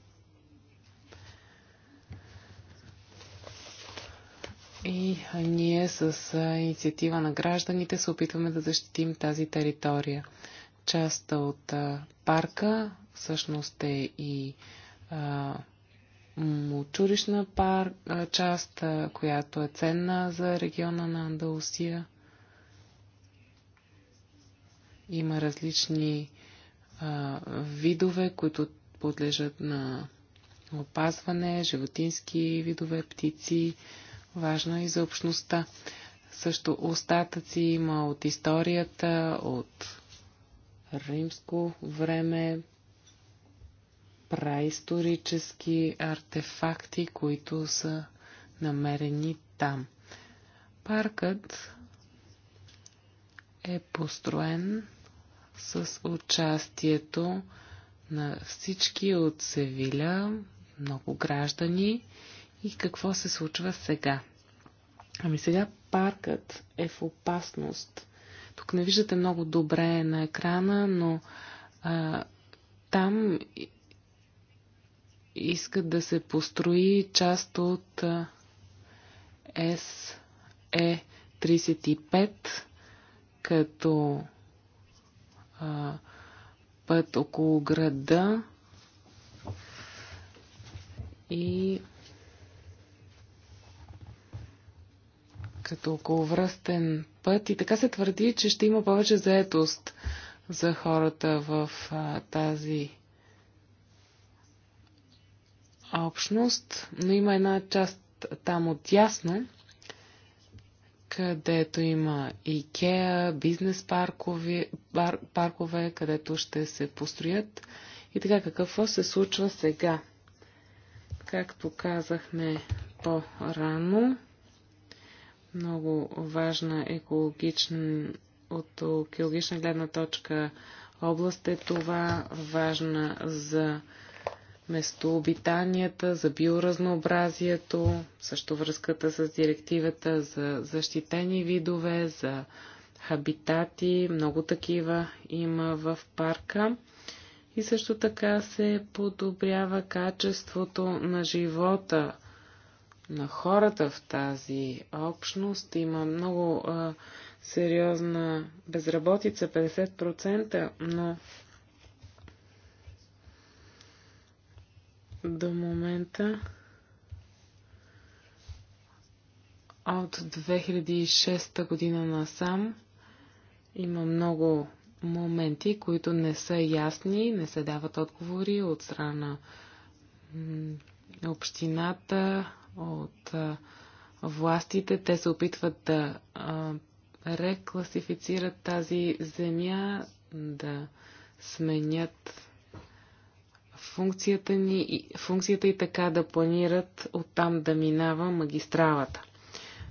И ние с инициатива на гражданите се опитваме да защитим тази територия. Част от парка всъщност е и мулчуришна част, която е ценна за региона на Андалусия. Има различни а, видове, които подлежат на опазване, животински видове, птици, важна и за общността. Също остатъци има от историята, от римско време, праисторически артефакти, които са намерени там. Паркът е построен с участието на всички от Севиля, много граждани и какво се случва сега? Ами сега паркът е в опасност. Тук не виждате много добре на екрана, но а, там искат да се построи част от е СЕ-35 като а, път около града и Като е околовръстен път и така се твърди, че ще има повече заетост за хората в а, тази общност, но има една част там от ясно, където има Икеа, бизнес паркове, бар, паркове, където ще се построят. И така, какво се случва сега? Както казахме по-рано, много важна екологична, от екологична гледна точка област е това, важна за местообитанията, за биоразнообразието, също връзката с директивата за защитени видове, за хабитати, много такива има в парка. И също така се подобрява качеството на живота на хората в тази общност. Има много а, сериозна безработица, 50%, но до момента от 2006 година насам има много моменти, които не са ясни, не се дават отговори от страна на общината, от властите. Те се опитват да рекласифицират тази земя, да сменят функцията, ни, функцията и така да планират оттам да минава магистралата.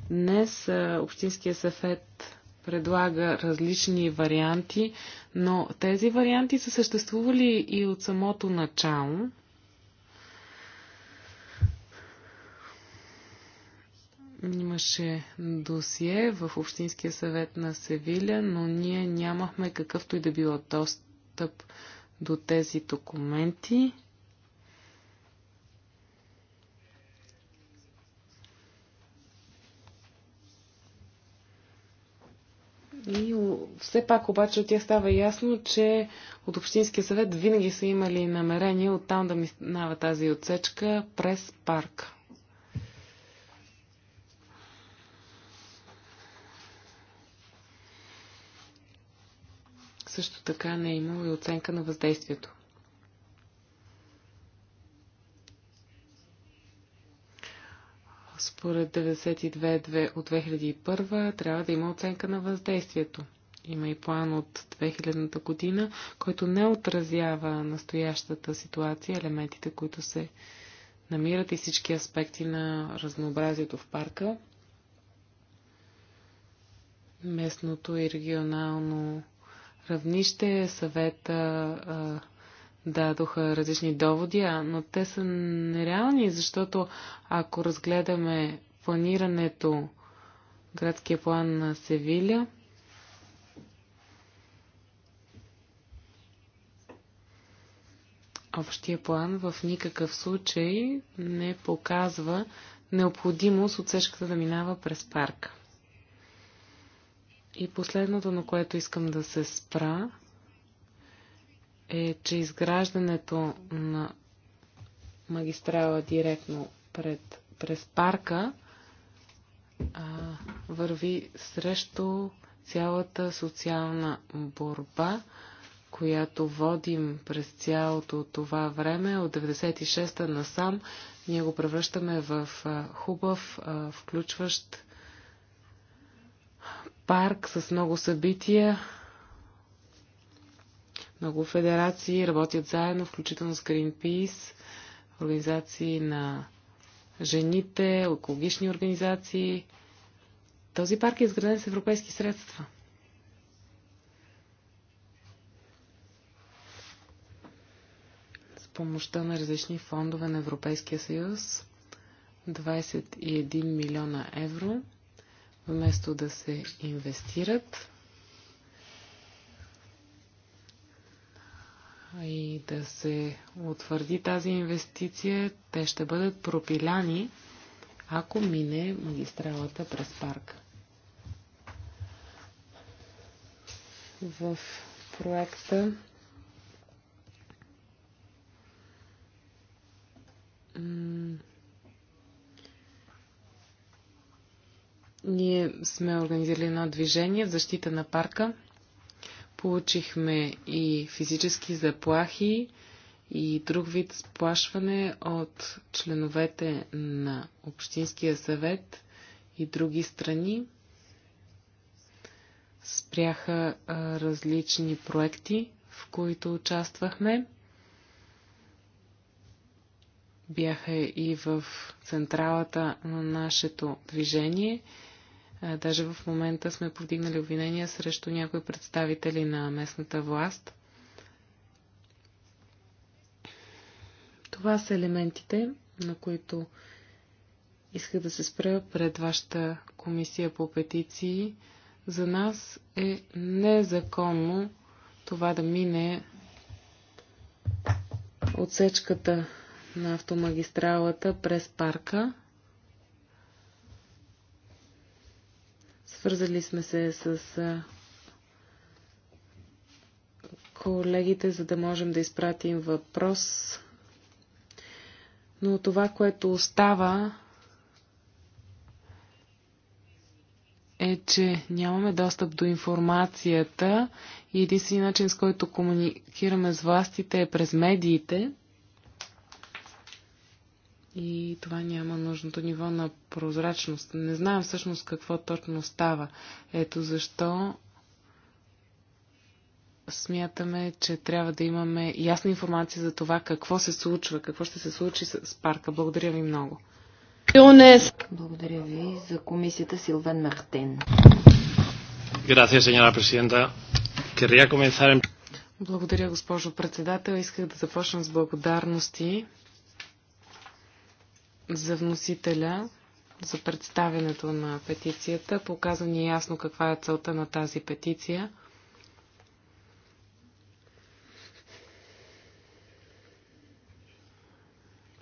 Днес Общинския съвет предлага различни варианти, но тези варианти са съществували и от самото начало. Имаше досие в Общинския съвет на Севиля, но ние нямахме какъвто и да било достъп до тези документи. И все пак обаче от тях става ясно, че от Общинския съвет винаги са имали намерение оттам да минава тази отсечка през парка. също така не е имало и оценка на въздействието. Според 92.2 от 2001 трябва да има оценка на въздействието. Има и план от 2000-та година, който не отразява настоящата ситуация, елементите, които се намират и всички аспекти на разнообразието в парка местното и регионално равнище, съвета дадоха различни доводи, а, но те са нереални, защото ако разгледаме планирането, градския план на Севиля, общия план в никакъв случай не показва необходимост отсечката да минава през парка. И последното, на което искам да се спра, е, че изграждането на магистрала директно пред, през парка а, върви срещу цялата социална борба, която водим през цялото това време, от 96-та насам, ние го превръщаме в хубав, включващ парк с много събития. Много федерации работят заедно, включително с Greenpeace, организации на жените, екологични организации. Този парк е изграден с европейски средства. С помощта на различни фондове на Европейския съюз 21 милиона евро – вместо да се инвестират и да се утвърди тази инвестиция, те ще бъдат пропиляни, ако мине магистралата през парка. В проекта Ние сме организирали едно движение в защита на парка. Получихме и физически заплахи, и друг вид сплашване от членовете на Общинския съвет и други страни. Спряха различни проекти, в които участвахме. Бяха и в централата на нашето движение Даже в момента сме повдигнали обвинения срещу някои представители на местната власт. Това са елементите, на които исках да се спра пред вашата комисия по петиции. За нас е незаконно това да мине отсечката на автомагистралата през парка Свързали сме се с колегите, за да можем да изпратим въпрос. Но това, което остава, е, че нямаме достъп до информацията и единствения начин, с който комуникираме с властите е през медиите и това няма нужното ниво на прозрачност. Не знаем всъщност какво точно става. Ето защо смятаме, че трябва да имаме ясна информация за това какво се случва, какво ще се случи с парка. Благодаря ви много. Благодаря ви за комисията Силвен Мартен. Gracias, señora presidenta. Querría comenzar en... Благодаря, госпожо председател. Исках да започна с благодарности за вносителя за представенето на петицията. Показва ни ясно каква е целта на тази петиция.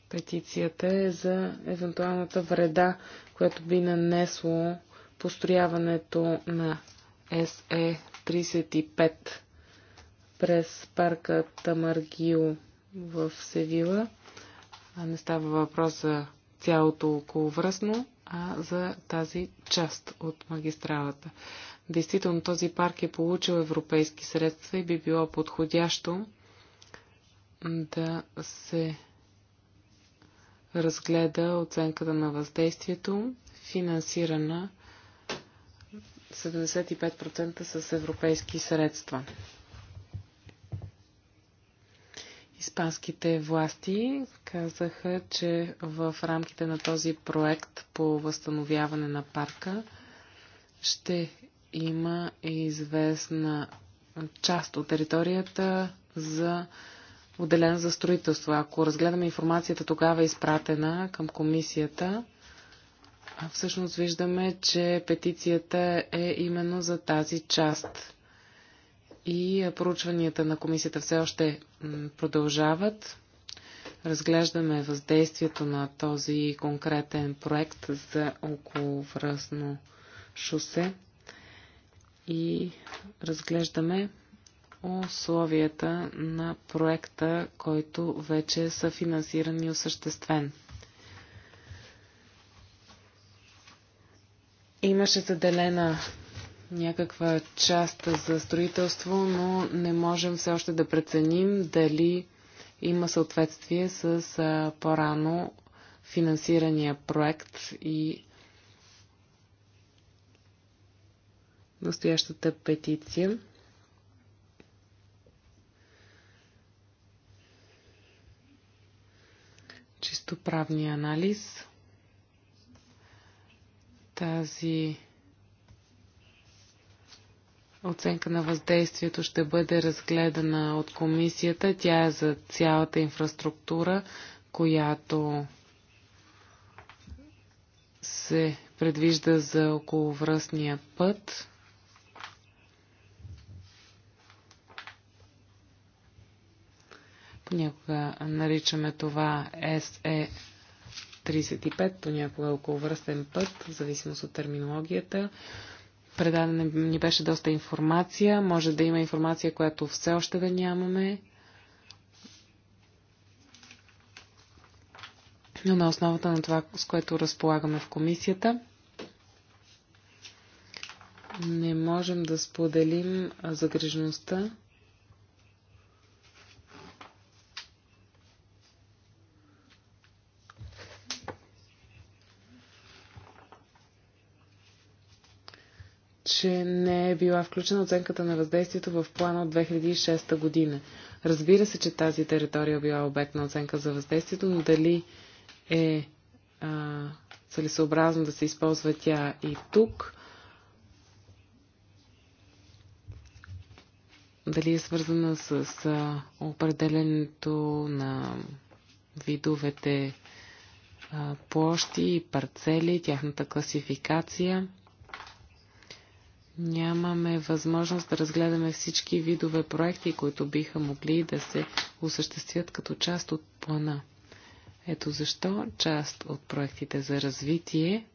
Петицията е за евентуалната вреда, която би нанесло построяването на е СЕ 35 през парка Тамаргио в Севила. Не става въпрос за цялото околовръстно, а за тази част от магистралата. Действително този парк е получил европейски средства и би било подходящо да се разгледа оценката на въздействието, финансирана 75% с европейски средства. Испанските власти казаха, че в рамките на този проект по възстановяване на парка ще има известна част от територията за отделен за строителство. Ако разгледаме информацията тогава е изпратена към комисията, всъщност виждаме, че петицията е именно за тази част и проучванията на комисията все още продължават. Разглеждаме въздействието на този конкретен проект за околовръстно шосе и разглеждаме условията на проекта, който вече са финансирани и осъществен. Имаше заделена някаква част за строителство, но не можем все още да преценим дали има съответствие с по-рано финансирания проект и настоящата петиция. Чисто правния анализ. Тази оценка на въздействието ще бъде разгледана от комисията. Тя е за цялата инфраструктура, която се предвижда за околовръстния път. Понякога наричаме това SE 35, понякога е околовръстен път, в зависимост от терминологията. Предадена ни беше доста информация. Може да има информация, която все още да нямаме. Но на основата на това, с което разполагаме в комисията, не можем да споделим загрижността. че не е била включена оценката на въздействието в плана от 2006 година. Разбира се, че тази територия е била обект на оценка за въздействието, но дали е а, целесообразно да се използва тя и тук, дали е свързана с, с определенето на видовете а, площи и парцели, тяхната класификация нямаме възможност да разгледаме всички видове проекти, които биха могли да се осъществят като част от плана. Ето защо част от проектите за развитие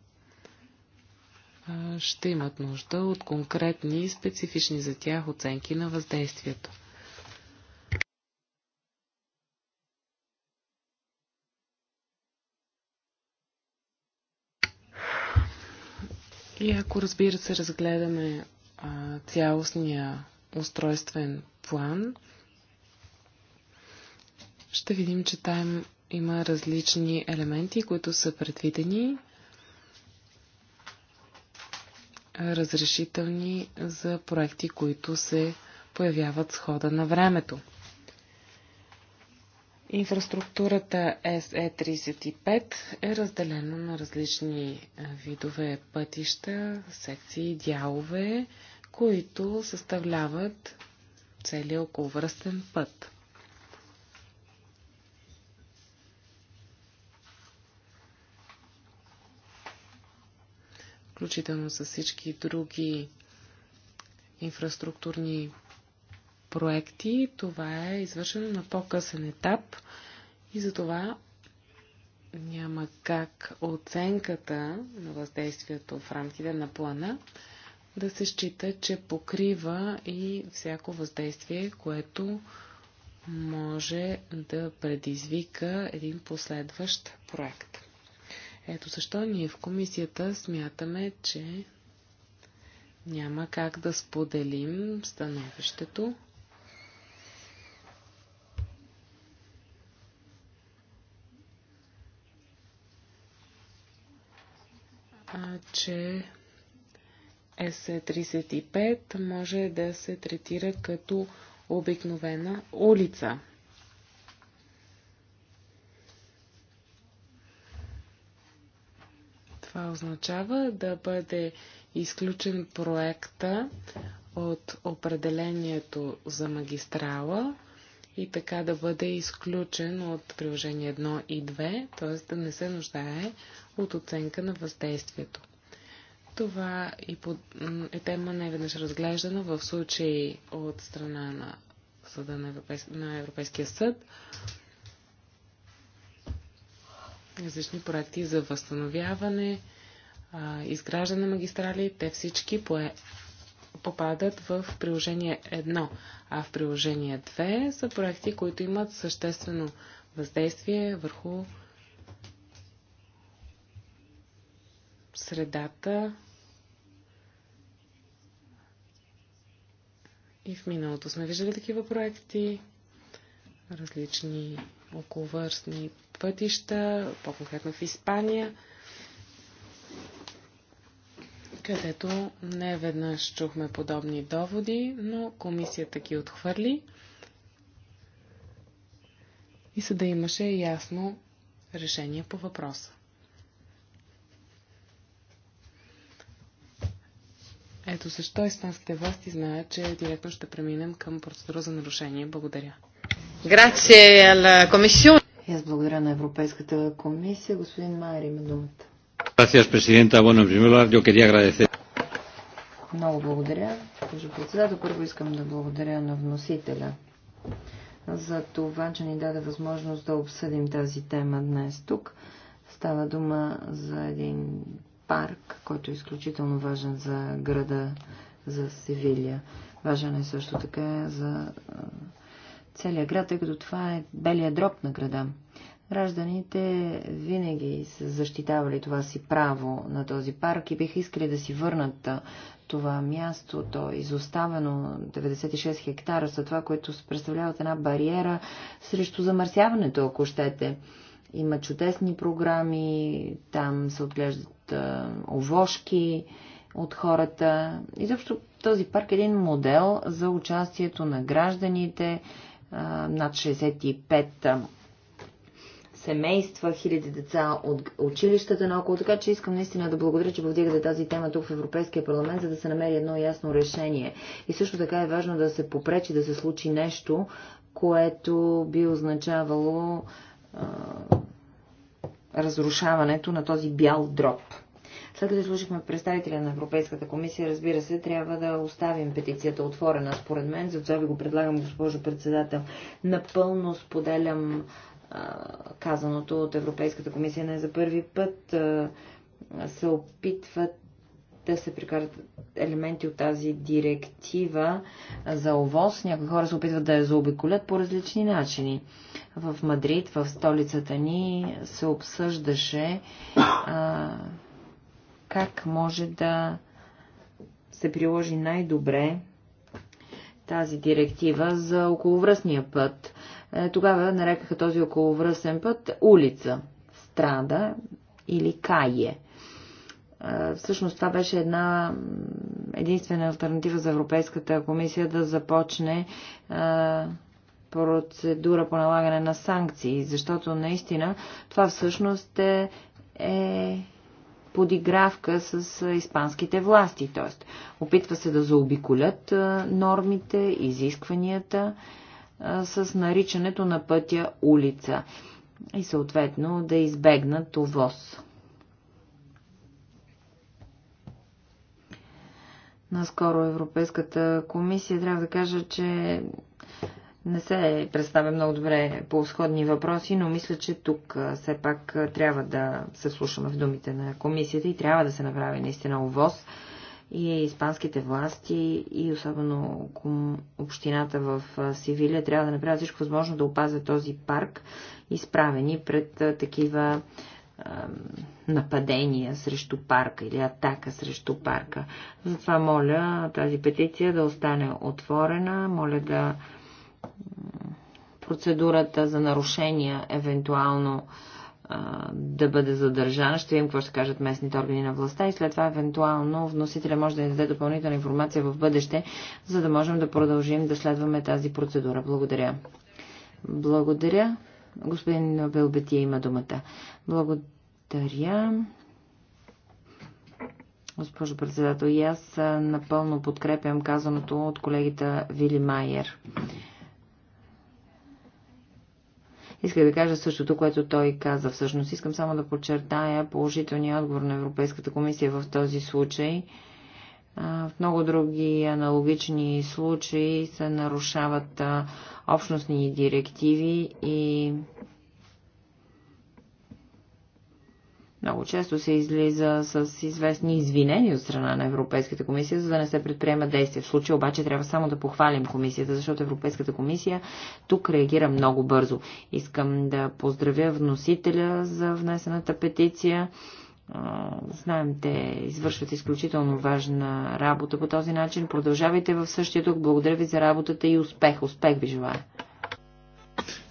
ще имат нужда от конкретни и специфични за тях оценки на въздействието. И ако, разбира се, разгледаме а, цялостния устройствен план, ще видим, че там има различни елементи, които са предвидени разрешителни за проекти, които се появяват с хода на времето. Инфраструктурата SE35 е разделена на различни видове пътища, секции, дялове, които съставляват целия околовръстен път. Включително с всички други инфраструктурни проекти. Това е извършено на по-късен етап и затова няма как оценката на въздействието в рамките на плана да се счита, че покрива и всяко въздействие, което може да предизвика един последващ проект. Ето защо ние в комисията смятаме, че няма как да споделим становището че С-35 може да се третира като обикновена улица. Това означава да бъде изключен проекта от определението за магистрала и така да бъде изключен от приложение 1 и 2, т.е. да не се нуждае от оценка на въздействието. Това и под, е тема не веднъж разглеждана в случаи от страна на Съда на, Европейс, на Европейския съд. Различни проекти за възстановяване, а, изграждане на магистрали, те всички пое, попадат в приложение 1, а в приложение 2 са проекти, които имат съществено въздействие върху средата и в миналото сме виждали такива проекти, различни околовърстни пътища, по-конкретно в Испания, където не веднъж чухме подобни доводи, но комисията ги отхвърли и съда имаше ясно решение по въпроса. Ето защо испанските власти знаят, че директно ще преминем към процедура за нарушение. Благодаря. Грация комисион. Аз благодаря на Европейската комисия. Господин Майер има думата. Gracias, Presidenta. Bueno, en primer lugar, yo quería agradecer. Много благодаря. Госпожо председател, първо искам да благодаря на вносителя за това, че ни даде възможност да обсъдим тази тема днес тук. Става дума за един парк, който е изключително важен за града, за Севилия. Важен е също така за целия град, тъй като това е белия дроб на града. Гражданите винаги са защитавали това си право на този парк и биха искали да си върнат това място. То е изоставено 96 хектара са това, което представляват една бариера срещу замърсяването, ако щете. Има чудесни програми, там се отглеждат овошки от хората. И защо този парк е един модел за участието на гражданите над 65 семейства, хиляди деца от училищата наоколо. Така че искам наистина да благодаря, че повдигате тази тема тук в Европейския парламент, за да се намери едно ясно решение. И също така е важно да се попречи да се случи нещо, което би означавало разрушаването на този бял дроб. След като изслушахме представителя на Европейската комисия, разбира се, трябва да оставим петицията отворена, според мен. Затова ви го предлагам, госпожо председател. Напълно споделям казаното от Европейската комисия. Не за първи път се опитват да се прикарат елементи от тази директива за овоз. Някои хора се опитват да я заобиколят по различни начини. В Мадрид, в столицата ни, се обсъждаше а, как може да се приложи най-добре тази директива за околовръстния път. Е, тогава нарекаха този околовръстен път улица, страда или кае – Всъщност това беше една единствена альтернатива за Европейската комисия да започне процедура по налагане на санкции, защото наистина това всъщност е, е подигравка с испанските власти. Т.е. опитва се да заобиколят нормите, изискванията с наричането на пътя улица и съответно да избегнат овоз. наскоро Европейската комисия, трябва да кажа, че не се представя много добре по сходни въпроси, но мисля, че тук все пак трябва да се слушаме в думите на комисията и трябва да се направи наистина увоз и испанските власти и особено общината в Севилия трябва да направят всичко възможно да опазят този парк, изправени пред такива нападения срещу парка или атака срещу парка. Затова моля тази петиция да остане отворена, моля да процедурата за нарушения евентуално да бъде задържана. Ще видим какво ще кажат местните органи на властта и след това евентуално вносителя може да ни даде допълнителна информация в бъдеще, за да можем да продължим да следваме тази процедура. Благодаря. Благодаря. Господин Белбетия има думата. Благодаря. Госпожо председател, и аз напълно подкрепям казаното от колегата Вили Майер. Иска да кажа същото, което той каза. Всъщност искам само да подчертая положителния отговор на Европейската комисия в този случай – в много други аналогични случаи се нарушават общностни директиви и Много често се излиза с известни извинения от страна на Европейската комисия, за да не се предприема действия. В случая обаче трябва само да похвалим комисията, защото Европейската комисия тук реагира много бързо. Искам да поздравя вносителя за внесената петиция. Знаем, те извършват изключително важна работа по този начин. Продължавайте в същия дух. Благодаря ви за работата и успех. Успех ви желая.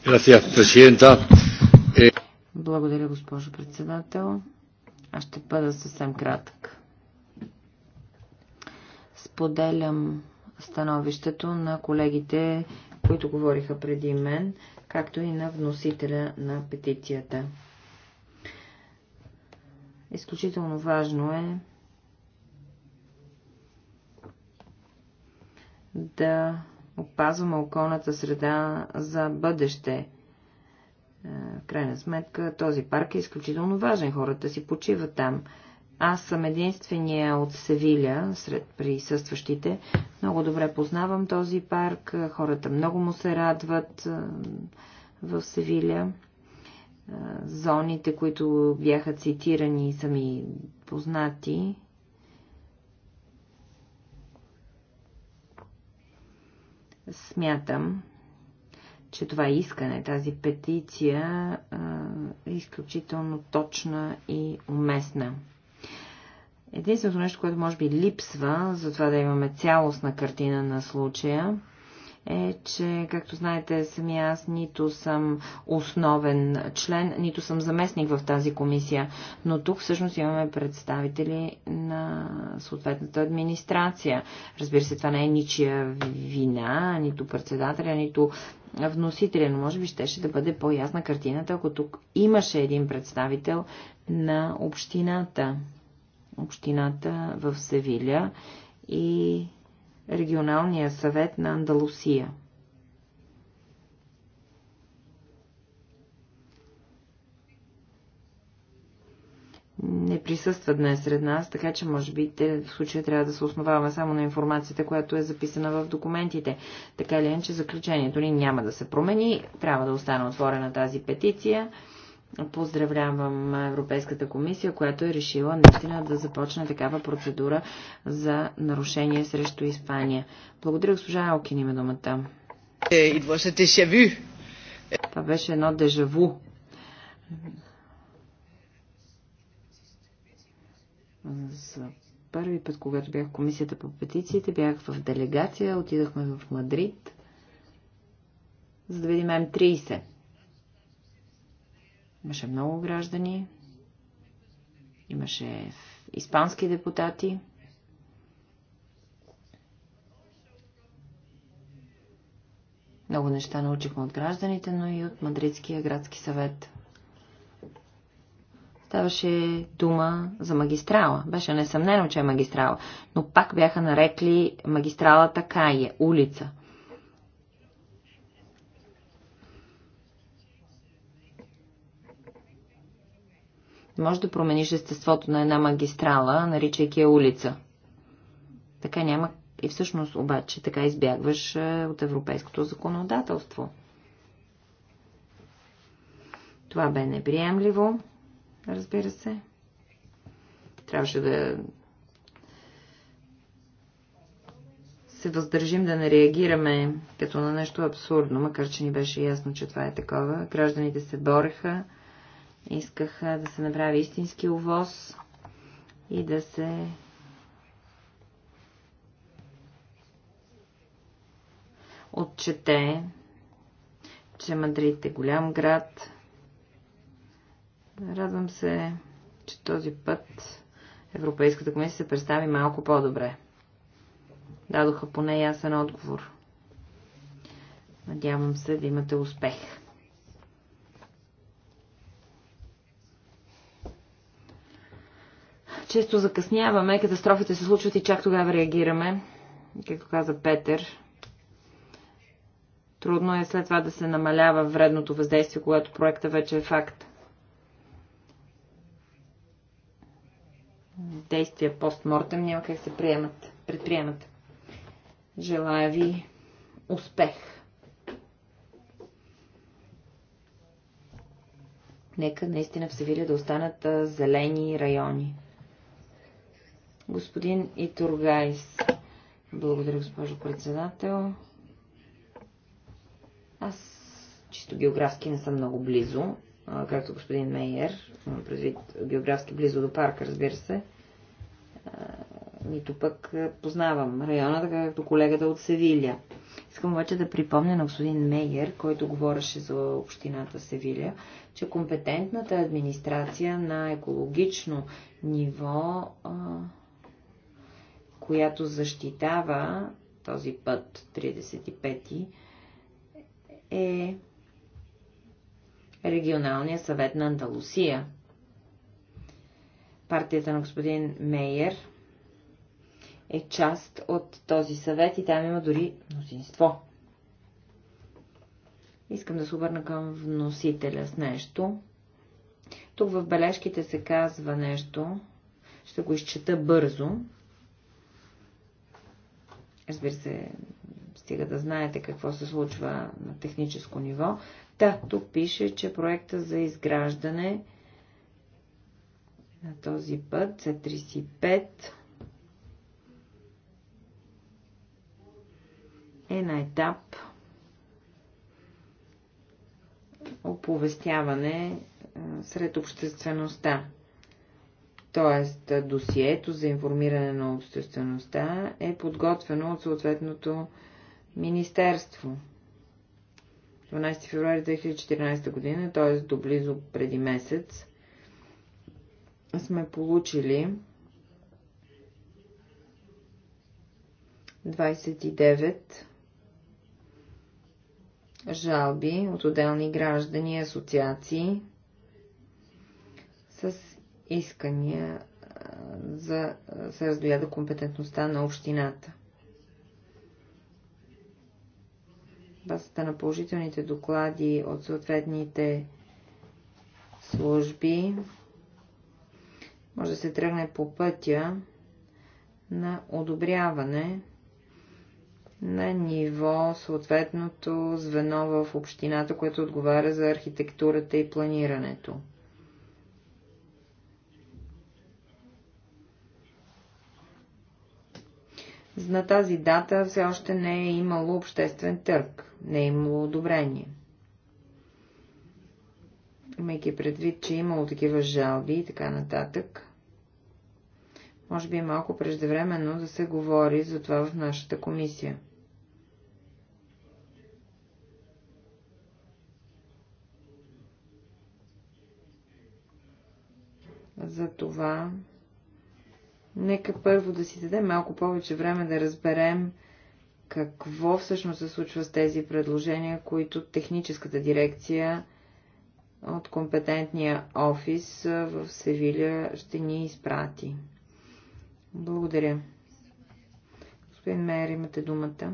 Eh, Благодаря, госпожо председател. Аз ще бъда съвсем кратък. Споделям становището на колегите, които говориха преди мен, както и на вносителя на петицията. Изключително важно е да опазваме околната среда за бъдеще. Е, в крайна сметка този парк е изключително важен. Хората си почиват там. Аз съм единствения от Севиля, сред присъстващите. Много добре познавам този парк. Хората много му се радват е, в Севиля зоните, които бяха цитирани и са ми познати. Смятам, че това искане, тази петиция е изключително точна и уместна. Единственото нещо, което може би липсва, за това да имаме цялостна картина на случая, е, че, както знаете, сами аз нито съм основен член, нито съм заместник в тази комисия, но тук всъщност имаме представители на съответната администрация. Разбира се, това не е ничия вина, нито председателя, нито вносителя, но може би щеше да бъде по-ясна картината, ако тук имаше един представител на общината. Общината в Севиля и регионалния съвет на Андалусия. не присъства днес сред нас, така че може би те, в случая трябва да се основаваме само на информацията, която е записана в документите. Така ли е, че заключението ни няма да се промени, трябва да остане отворена тази петиция Поздравлявам Европейската комисия, която е решила наистина да започне такава процедура за нарушение срещу Испания. Благодаря, госпожа Алкин, има думата. Е, е. Това беше едно дежаву. За първи път, когато бях в комисията по петициите, бях в делегация, отидахме в Мадрид, за да видим М30. Имаше много граждани, имаше испански депутати. Много неща научихме от гражданите, но и от Мадридския градски съвет. Ставаше дума за магистрала. Беше несъмнено, че е магистрала. Но пак бяха нарекли магистралата Кае, улица – може да промениш естеството на една магистрала, наричайки я улица. Така няма и всъщност обаче така избягваш е, от европейското законодателство. Това бе неприемливо, разбира се. Трябваше да се въздържим да не реагираме като на нещо абсурдно, макар че ни беше ясно, че това е такова. Гражданите се бореха Исках да се направи истински овоз и да се отчете, че Мадрид е голям град. Радвам се, че този път Европейската комисия се представи малко по-добре. Дадоха поне ясен отговор. Надявам се да имате успех. Често закъсняваме, катастрофите се случват и чак тогава реагираме. Както каза Петър, трудно е след това да се намалява вредното въздействие, когато проекта вече е факт. Действия постмортем няма как се приемат, предприемат. Желая ви успех! Нека наистина в Севиля да останат зелени райони господин Итургайс. Благодаря, госпожо председател. Аз чисто географски не съм много близо, както господин Мейер, предвид географски близо до парка, разбира се. Нито пък познавам района, така както колегата от Севилия. Искам обаче да припомня на господин Мейер, който говореше за общината Севилия, че компетентната администрация на екологично ниво която защитава този път 35 е Регионалния съвет на Андалусия. Партията на господин Мейер е част от този съвет и там има дори мнозинство. Искам да се обърна към вносителя с нещо. Тук в бележките се казва нещо. Ще го изчета бързо, Разбира се, стига да знаете какво се случва на техническо ниво. Та, тук пише, че проекта за изграждане на този път C35 е на етап оповестяване сред обществеността. Тоест, досието за информиране на обществеността е подготвено от съответното министерство. 12 февруари 2014 година, т.е. до близо преди месец, сме получили 29 жалби от отделни граждани и асоциации с искания за се разгледа компетентността на общината. Базата на положителните доклади от съответните служби може да се тръгне по пътя на одобряване на ниво съответното звено в общината, което отговаря за архитектурата и планирането. На тази дата все още не е имало обществен търг, не е имало одобрение. Имайки предвид, че е имало такива жалби и така нататък, може би е малко преждевременно да се говори за това в нашата комисия. За това Нека първо да си дадем малко повече време да разберем какво всъщност се случва с тези предложения, които техническата дирекция от компетентния офис в Севиля ще ни изпрати. Благодаря. Господин Мейер, имате думата.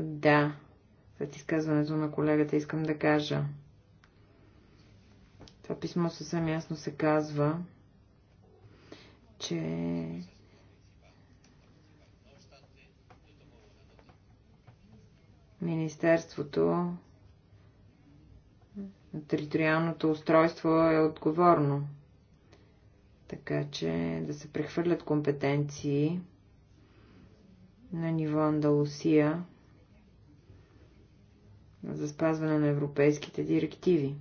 Да, след изказването на колегата искам да кажа – това писмо съвсем ясно се казва, че Министерството на териториалното устройство е отговорно. Така че да се прехвърлят компетенции на ниво Андалусия за спазване на европейските директиви.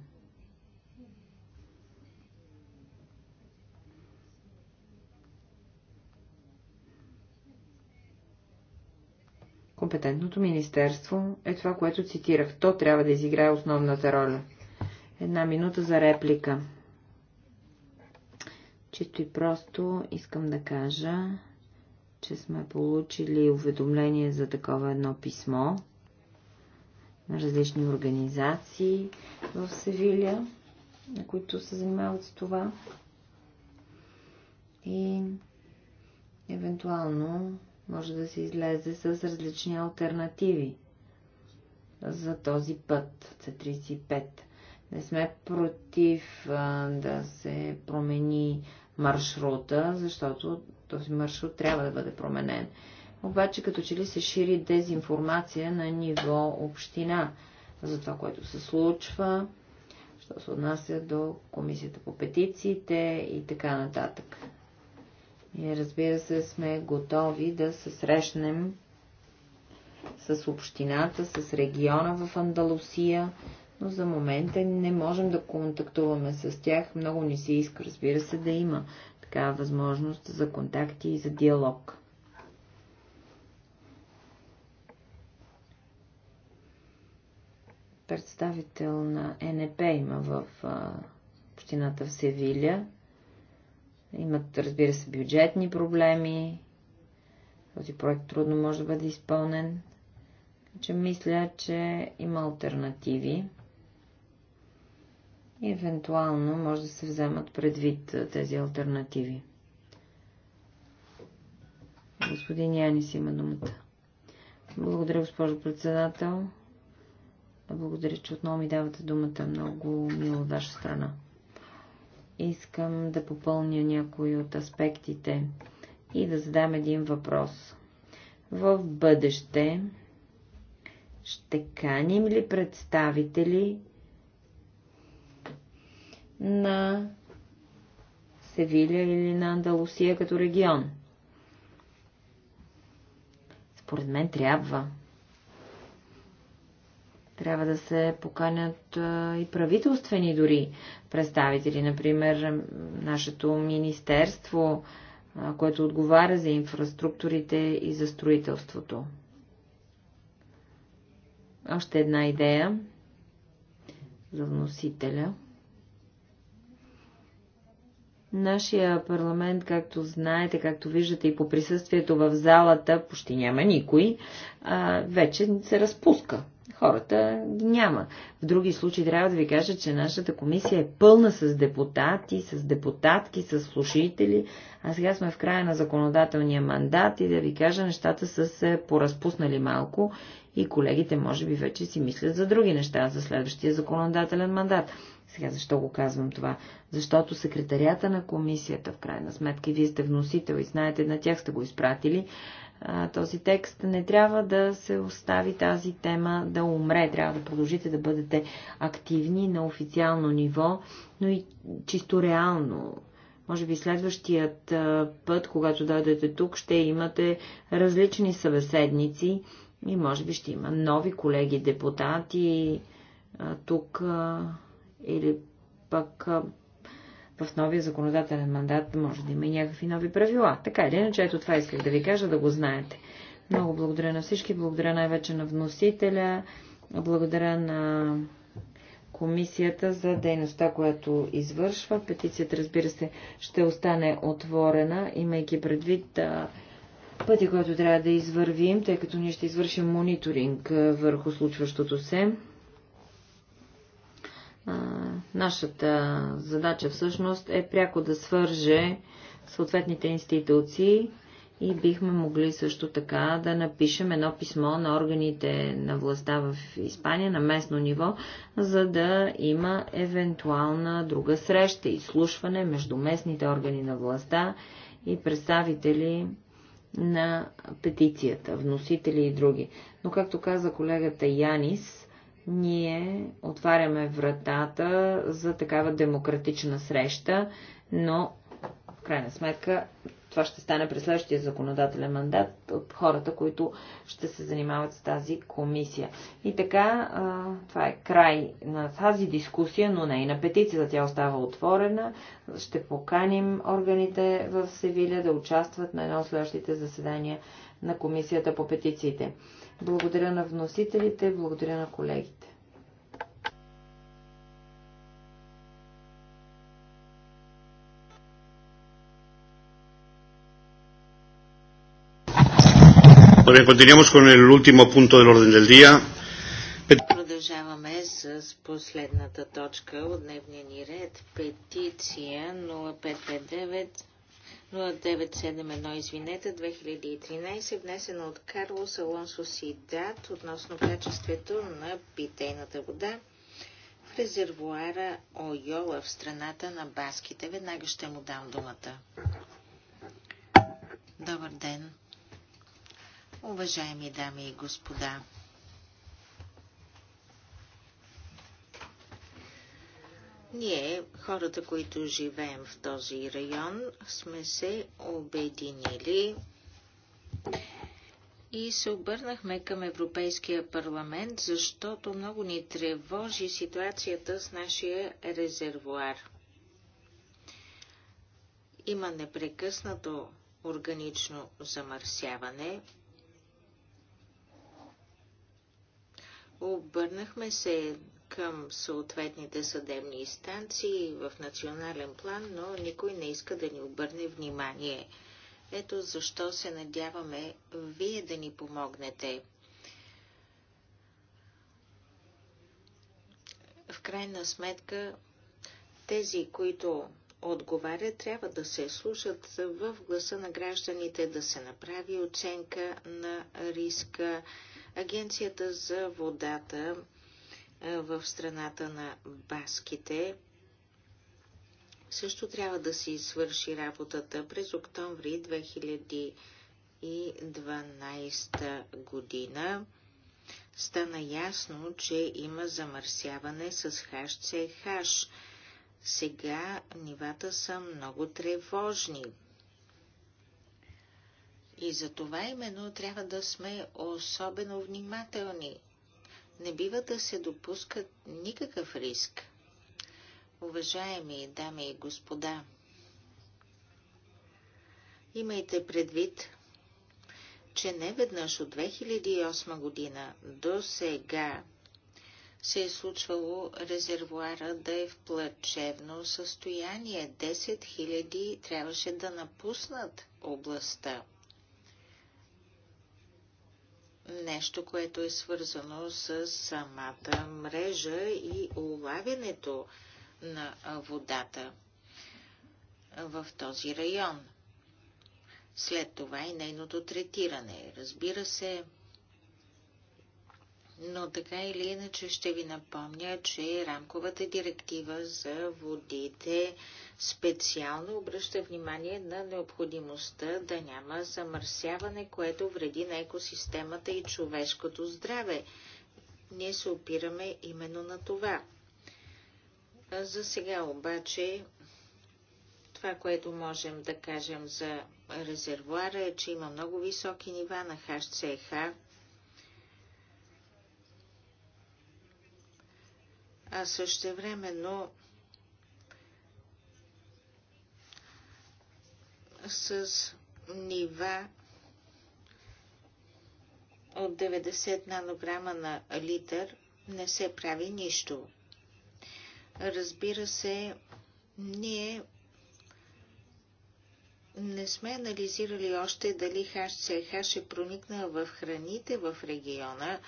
Компетентното министерство е това, което цитирах. То трябва да изиграе основната роля. Една минута за реплика. Чисто и просто искам да кажа, че сме получили уведомление за такова едно писмо на различни организации в Севиля, на които се занимават с това. И евентуално може да се излезе с различни альтернативи за този път C35. Не сме против а, да се промени маршрута, защото този маршрут трябва да бъде променен. Обаче като че ли се шири дезинформация на ниво община за това, което се случва, що се отнася до комисията по петициите и така нататък. Ние, разбира се, сме готови да се срещнем с общината, с региона в Андалусия, но за момента не можем да контактуваме с тях. Много ни се иска, разбира се, да има такава възможност за контакти и за диалог. Представител на НП има в общината в Севиля. Имат, разбира се, бюджетни проблеми. Този проект трудно може да бъде изпълнен. Че мисля, че има альтернативи. И евентуално може да се вземат предвид тези альтернативи. Господин Янис има думата. Благодаря, госпожо председател. Благодаря, че отново ми давате думата. Много мило от ваша страна искам да попълня някои от аспектите и да задам един въпрос. В бъдеще ще каним ли представители на Севиля или на Андалусия като регион? Според мен трябва. Трябва да се поканят и правителствени дори представители. Например, нашето министерство, което отговаря за инфраструктурите и за строителството. Още една идея за вносителя. Нашия парламент, както знаете, както виждате и по присъствието в залата, почти няма никой, а, вече се разпуска хората ги няма. В други случаи трябва да ви кажа, че нашата комисия е пълна с депутати, с депутатки, с слушатели, а сега сме в края на законодателния мандат и да ви кажа, нещата са се поразпуснали малко и колегите може би вече си мислят за други неща, за следващия законодателен мандат. Сега защо го казвам това? Защото секретарията на комисията, в крайна сметка, вие сте вносител и знаете, на тях сте го изпратили, този текст. Не трябва да се остави тази тема да умре. Трябва да продължите да бъдете активни на официално ниво, но и чисто реално. Може би следващият път, когато дойдете тук, ще имате различни събеседници и може би ще има нови колеги депутати тук или пък в новия законодателен мандат може да има и някакви нови правила. Така или иначе, ето това исках да ви кажа, да го знаете. Много благодаря на всички, благодаря най-вече на вносителя, благодаря на комисията за дейността, която извършва. Петицията, разбира се, ще остане отворена, имайки предвид пъти, който трябва да извървим, тъй като ние ще извършим мониторинг върху случващото се. Нашата задача всъщност е пряко да свърже съответните институции и бихме могли също така да напишем едно писмо на органите на властта в Испания на местно ниво, за да има евентуална друга среща, изслушване между местните органи на властта и представители на петицията, вносители и други. Но както каза колегата Янис, ние отваряме вратата за такава демократична среща, но в крайна сметка това ще стане през следващия законодателен мандат от хората, които ще се занимават с тази комисия. И така, това е край на тази дискусия, но не и на петицията. Тя остава отворена. Ще поканим органите в Севиля да участват на едно от следващите заседания на комисията по петициите. Благодаря на вносителите, благодаря на колегите. Muy bien, continuamos con el último punto del orden del día. Продължаваме с последната точка от дневния ни ред. Петиция 0559 0971, извинете, 2013, внесена от Карлос Алонсо Сидат относно качеството на питейната вода в резервуара Ойола в страната на баските. Веднага ще му дам думата. Добър ден уважаеми дами и господа. Ние, хората, които живеем в този район, сме се обединили и се обърнахме към Европейския парламент, защото много ни тревожи ситуацията с нашия резервуар. Има непрекъснато органично замърсяване, Обърнахме се към съответните съдебни инстанции в национален план, но никой не иска да ни обърне внимание. Ето защо се надяваме вие да ни помогнете. В крайна сметка, тези, които отговарят, трябва да се слушат в гласа на гражданите, да се направи оценка на риска Агенцията за водата е, в страната на баските също трябва да си свърши работата през октомври 2012 година. Стана ясно, че има замърсяване с HCH. Сега нивата са много тревожни. И за това именно трябва да сме особено внимателни. Не бива да се допускат никакъв риск. Уважаеми дами и господа, имайте предвид, че не веднъж от 2008 година до сега се е случвало резервуара да е в плачевно състояние. 10 000 трябваше да напуснат областта нещо, което е свързано с самата мрежа и улавянето на водата в този район. След това и нейното третиране. Разбира се, но така или иначе ще ви напомня, че рамковата директива за водите специално обръща внимание на необходимостта да няма замърсяване, което вреди на екосистемата и човешкото здраве. Ние се опираме именно на това. За сега обаче това, което можем да кажем за резервуара е, че има много високи нива на HCH, а също времено с нива от 90 нанограма на литър не се прави нищо. Разбира се, ние не сме анализирали още дали HCH е проникнал в храните в региона,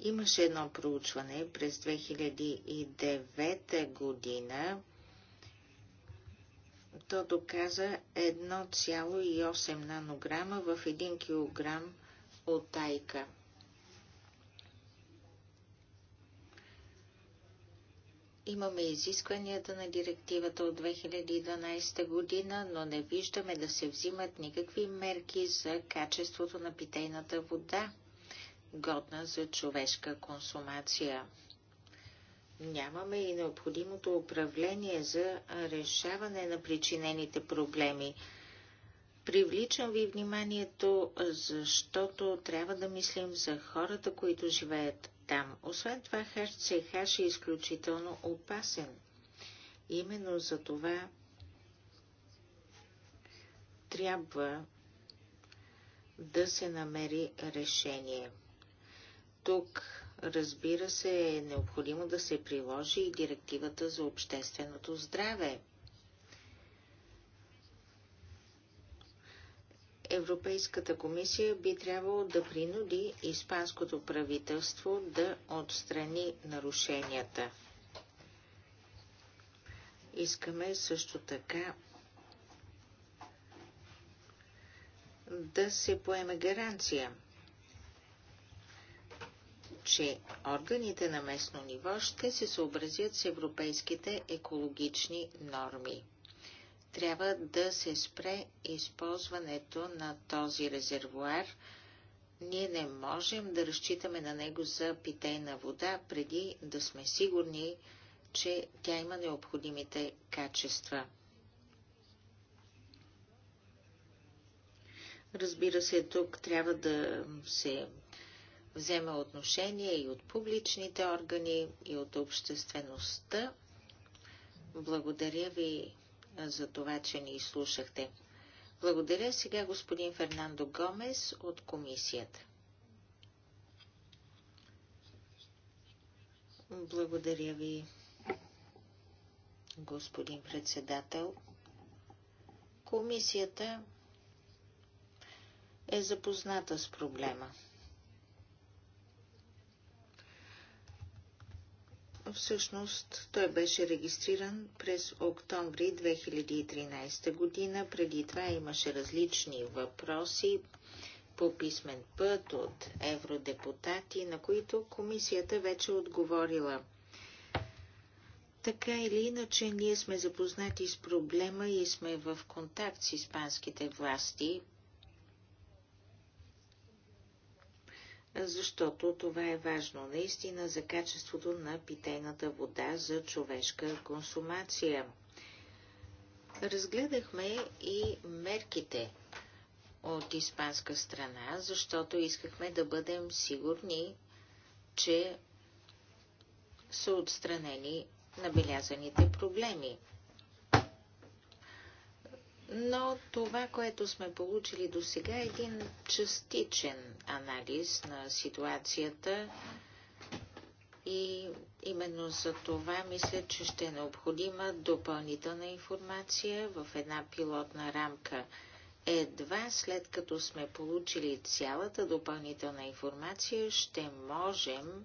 Имаше едно проучване през 2009 година. То доказа 1,8 нанограма в 1 кг от тайка. Имаме изискванията на директивата от 2012 година, но не виждаме да се взимат никакви мерки за качеството на питейната вода годна за човешка консумация. Нямаме и необходимото управление за решаване на причинените проблеми. Привличам ви вниманието, защото трябва да мислим за хората, които живеят там. Освен това, ХЦХ е изключително опасен. Именно за това трябва да се намери решение. Тук, разбира се, е необходимо да се приложи и директивата за общественото здраве. Европейската комисия би трябвало да принуди испанското правителство да отстрани нарушенията. Искаме също така да се поеме гаранция че органите на местно ниво ще се съобразят с европейските екологични норми. Трябва да се спре използването на този резервуар. Ние не можем да разчитаме на него за питейна вода, преди да сме сигурни, че тя има необходимите качества. Разбира се, тук трябва да се взема отношение и от публичните органи, и от обществеността. Благодаря ви за това, че ни изслушахте. Благодаря сега господин Фернандо Гомес от комисията. Благодаря ви, господин председател. Комисията е запозната с проблема. Всъщност той беше регистриран през октомври 2013 година. Преди това имаше различни въпроси по писмен път от евродепутати, на които комисията вече отговорила. Така или иначе, ние сме запознати с проблема и сме в контакт с испанските власти защото това е важно наистина за качеството на питейната вода за човешка консумация. Разгледахме и мерките от испанска страна, защото искахме да бъдем сигурни, че са отстранени набелязаните проблеми но това, което сме получили до сега е един частичен анализ на ситуацията и именно за това мисля, че ще е необходима допълнителна информация в една пилотна рамка. Едва след като сме получили цялата допълнителна информация, ще можем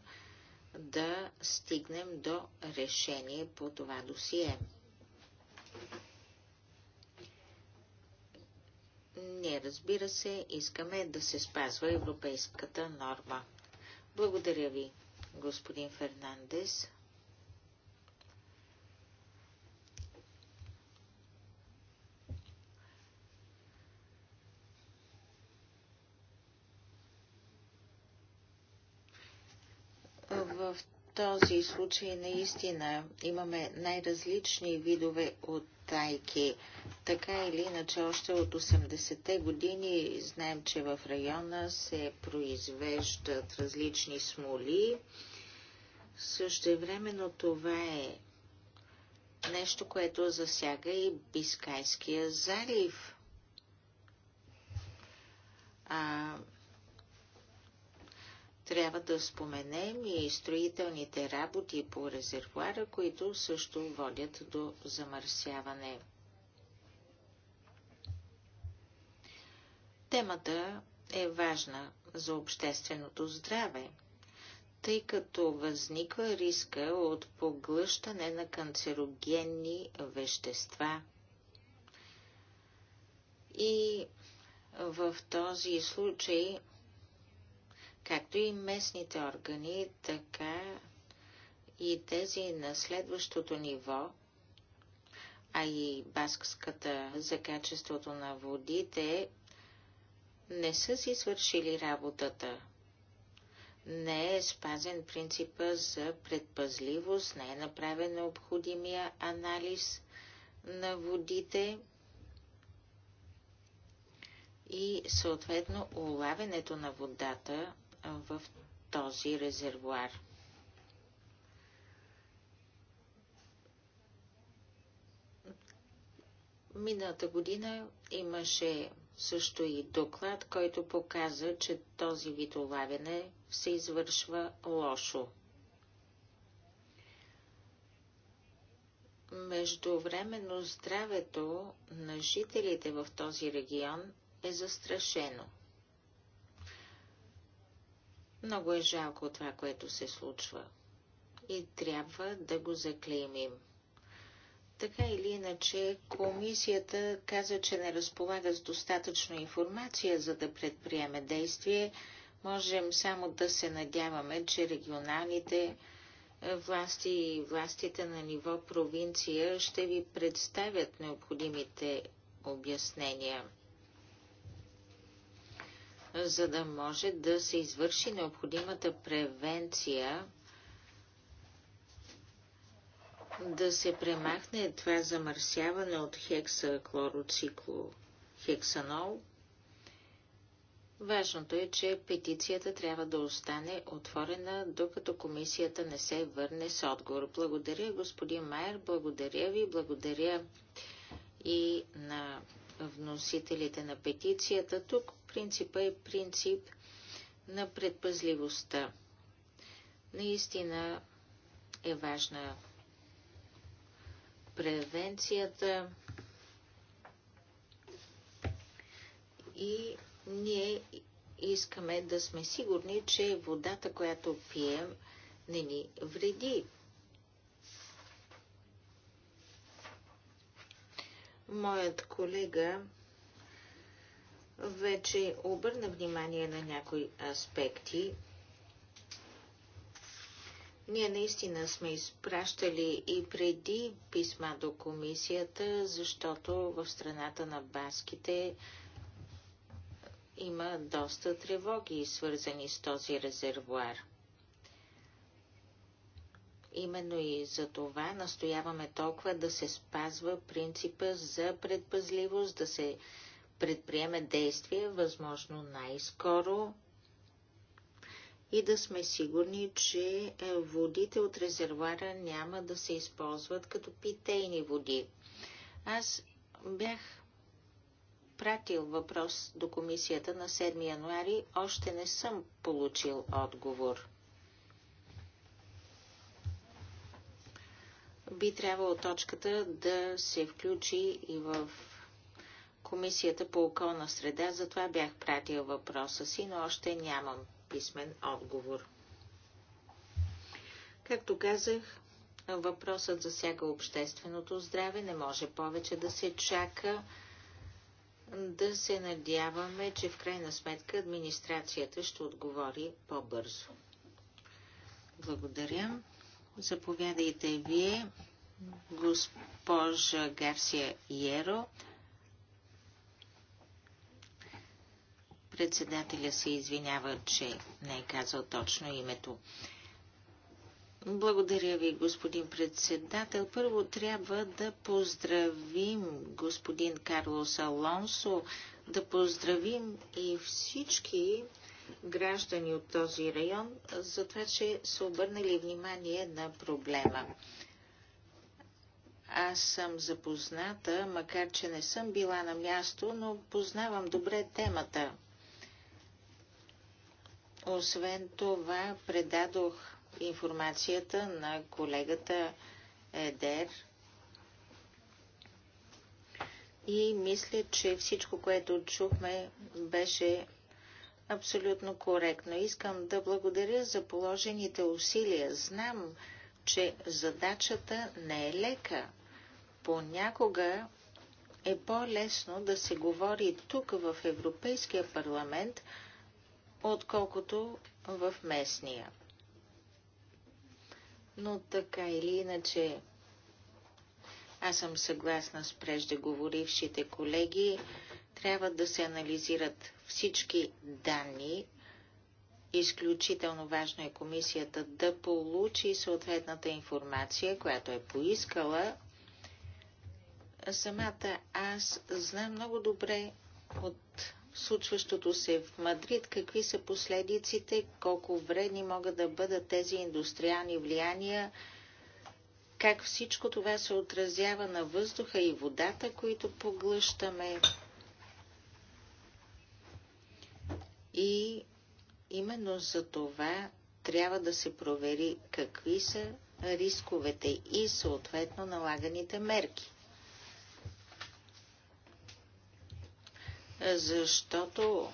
да стигнем до решение по това досие. Ние, разбира се, искаме да се спазва европейската норма. Благодаря ви, господин Фернандес. този случай наистина имаме най-различни видове от тайки. Така или иначе, още от 80-те години знаем, че в района се произвеждат различни смоли. Същевременно това е нещо, което засяга и Бискайския залив. А трябва да споменем и строителните работи по резервуара, които също водят до замърсяване. Темата е важна за общественото здраве, тъй като възниква риска от поглъщане на канцерогенни вещества. И в този случай както и местните органи, така и тези на следващото ниво, а и Баскската за качеството на водите, не са си свършили работата. Не е спазен принципа за предпазливост, не е направен необходимия анализ на водите и съответно улавянето на водата в този резервуар. Миналата година имаше също и доклад, който показа, че този вид улавяне се извършва лошо. Междувременно здравето на жителите в този регион е застрашено – много е жалко това, което се случва. И трябва да го заклеймим. Така или иначе, комисията каза, че не разполага с достатъчно информация, за да предприеме действие. Можем само да се надяваме, че регионалните е, власти и властите на ниво провинция ще ви представят необходимите обяснения за да може да се извърши необходимата превенция, да се премахне това замърсяване от хексанол. Важното е, че петицията трябва да остане отворена, докато комисията не се върне с отговор. Благодаря, господин Майер, благодаря ви, благодаря и на вносителите на петицията. Тук принципа е принцип на предпазливостта. Наистина е важна превенцията и ние искаме да сме сигурни, че водата, която пием, не ни вреди. Моят колега вече обърна внимание на някои аспекти. Ние наистина сме изпращали и преди писма до комисията, защото в страната на баските има доста тревоги, свързани с този резервуар. Именно и за това настояваме толкова да се спазва принципа за предпазливост, да се предприеме действие възможно най-скоро и да сме сигурни, че е, водите от резервуара няма да се използват като питейни води. Аз бях пратил въпрос до комисията на 7 януари, още не съм получил отговор. би трябвало точката да се включи и в Комисията по околна среда, затова бях пратил въпроса си, но още нямам писмен отговор. Както казах, въпросът засяга общественото здраве, не може повече да се чака. Да се надяваме, че в крайна сметка администрацията ще отговори по-бързо. Благодаря. Заповядайте вие, госпожа Гарсия Иеро. Председателя се извинява, че не е казал точно името. Благодаря ви, господин председател. Първо трябва да поздравим господин Карлос Алонсо, да поздравим и всички граждани от този район, за това, че са обърнали внимание на проблема. Аз съм запозната, макар че не съм била на място, но познавам добре темата. Освен това, предадох информацията на колегата Едер и мисля, че всичко, което чухме, беше абсолютно коректно. Искам да благодаря за положените усилия. Знам, че задачата не е лека. Понякога е по-лесно да се говори тук в Европейския парламент, отколкото в местния. Но така или иначе, аз съм съгласна с преждеговорившите колеги, трябва да се анализират всички данни. Изключително важно е комисията да получи съответната информация, която е поискала. Самата аз знам много добре от случващото се в Мадрид, какви са последиците, колко вредни могат да бъдат тези индустриални влияния, как всичко това се отразява на въздуха и водата, които поглъщаме. И именно за това трябва да се провери какви са рисковете и съответно налаганите мерки. Защото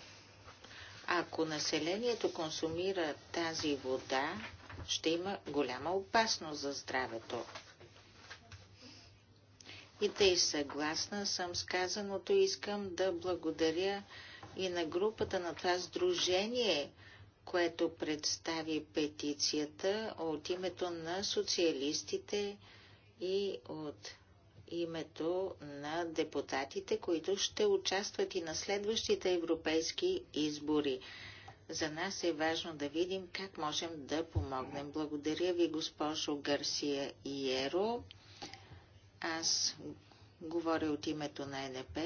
ако населението консумира тази вода, ще има голяма опасност за здравето. И тъй съгласна съм с казаното, искам да благодаря и на групата на това сдружение, което представи петицията от името на социалистите и от името на депутатите, които ще участват и на следващите европейски избори. За нас е важно да видим как можем да помогнем. Благодаря ви, госпожо Гарсия Иеро. Аз говоря от името на НП.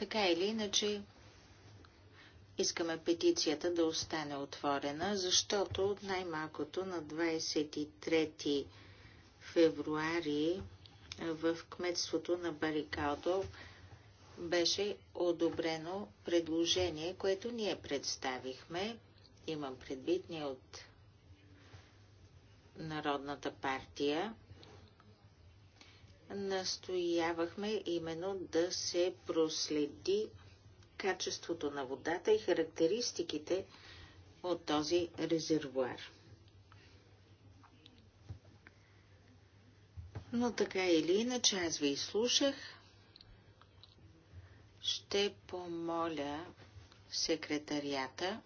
Така или иначе, искаме петицията да остане отворена, защото най-малкото на 23 февруари в кметството на Барикалдо беше одобрено предложение, което ние представихме. Имам предвид ние от Народната партия настоявахме именно да се проследи качеството на водата и характеристиките от този резервуар. Но така или иначе, аз ви изслушах. Ще помоля секретарията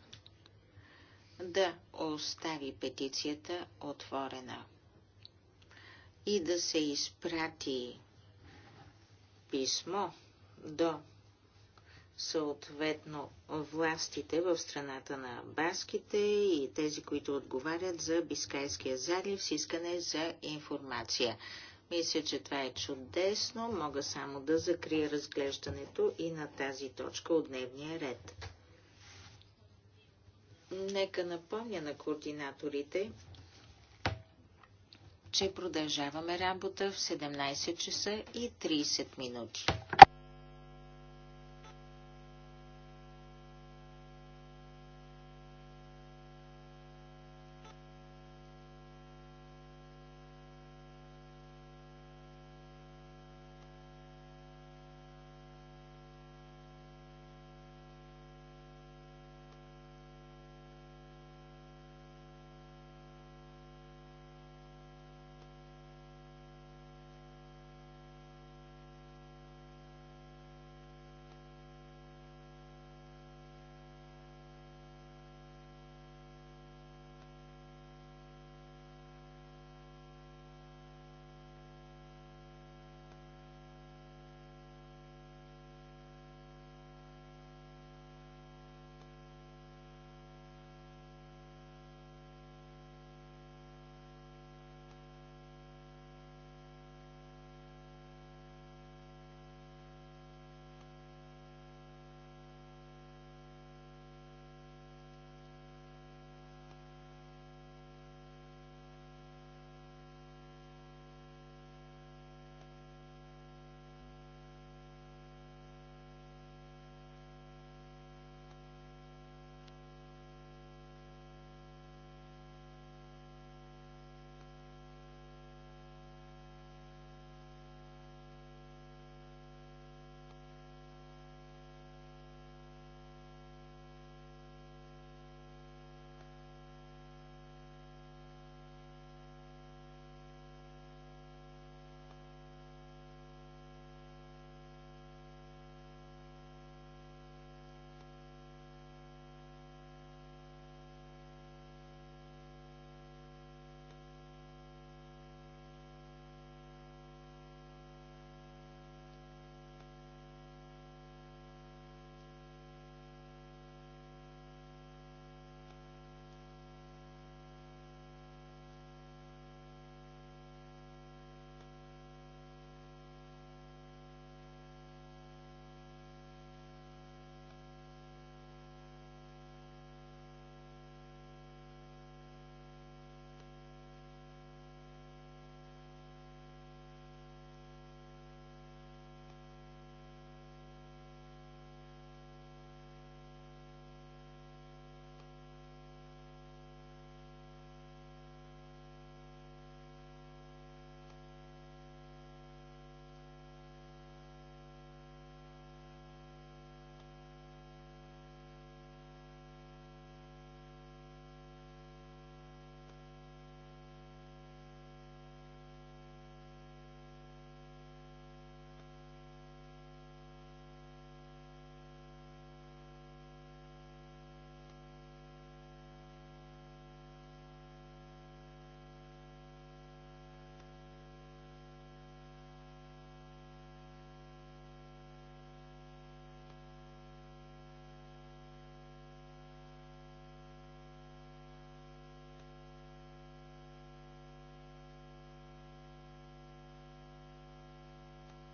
да остави петицията отворена и да се изпрати писмо до съответно властите в страната на баските и тези, които отговарят за Бискайския залив с искане за информация. Мисля, че това е чудесно. Мога само да закрия разглеждането и на тази точка от дневния ред. Нека напомня на координаторите, че продължаваме работа в 17 часа и 30 минути.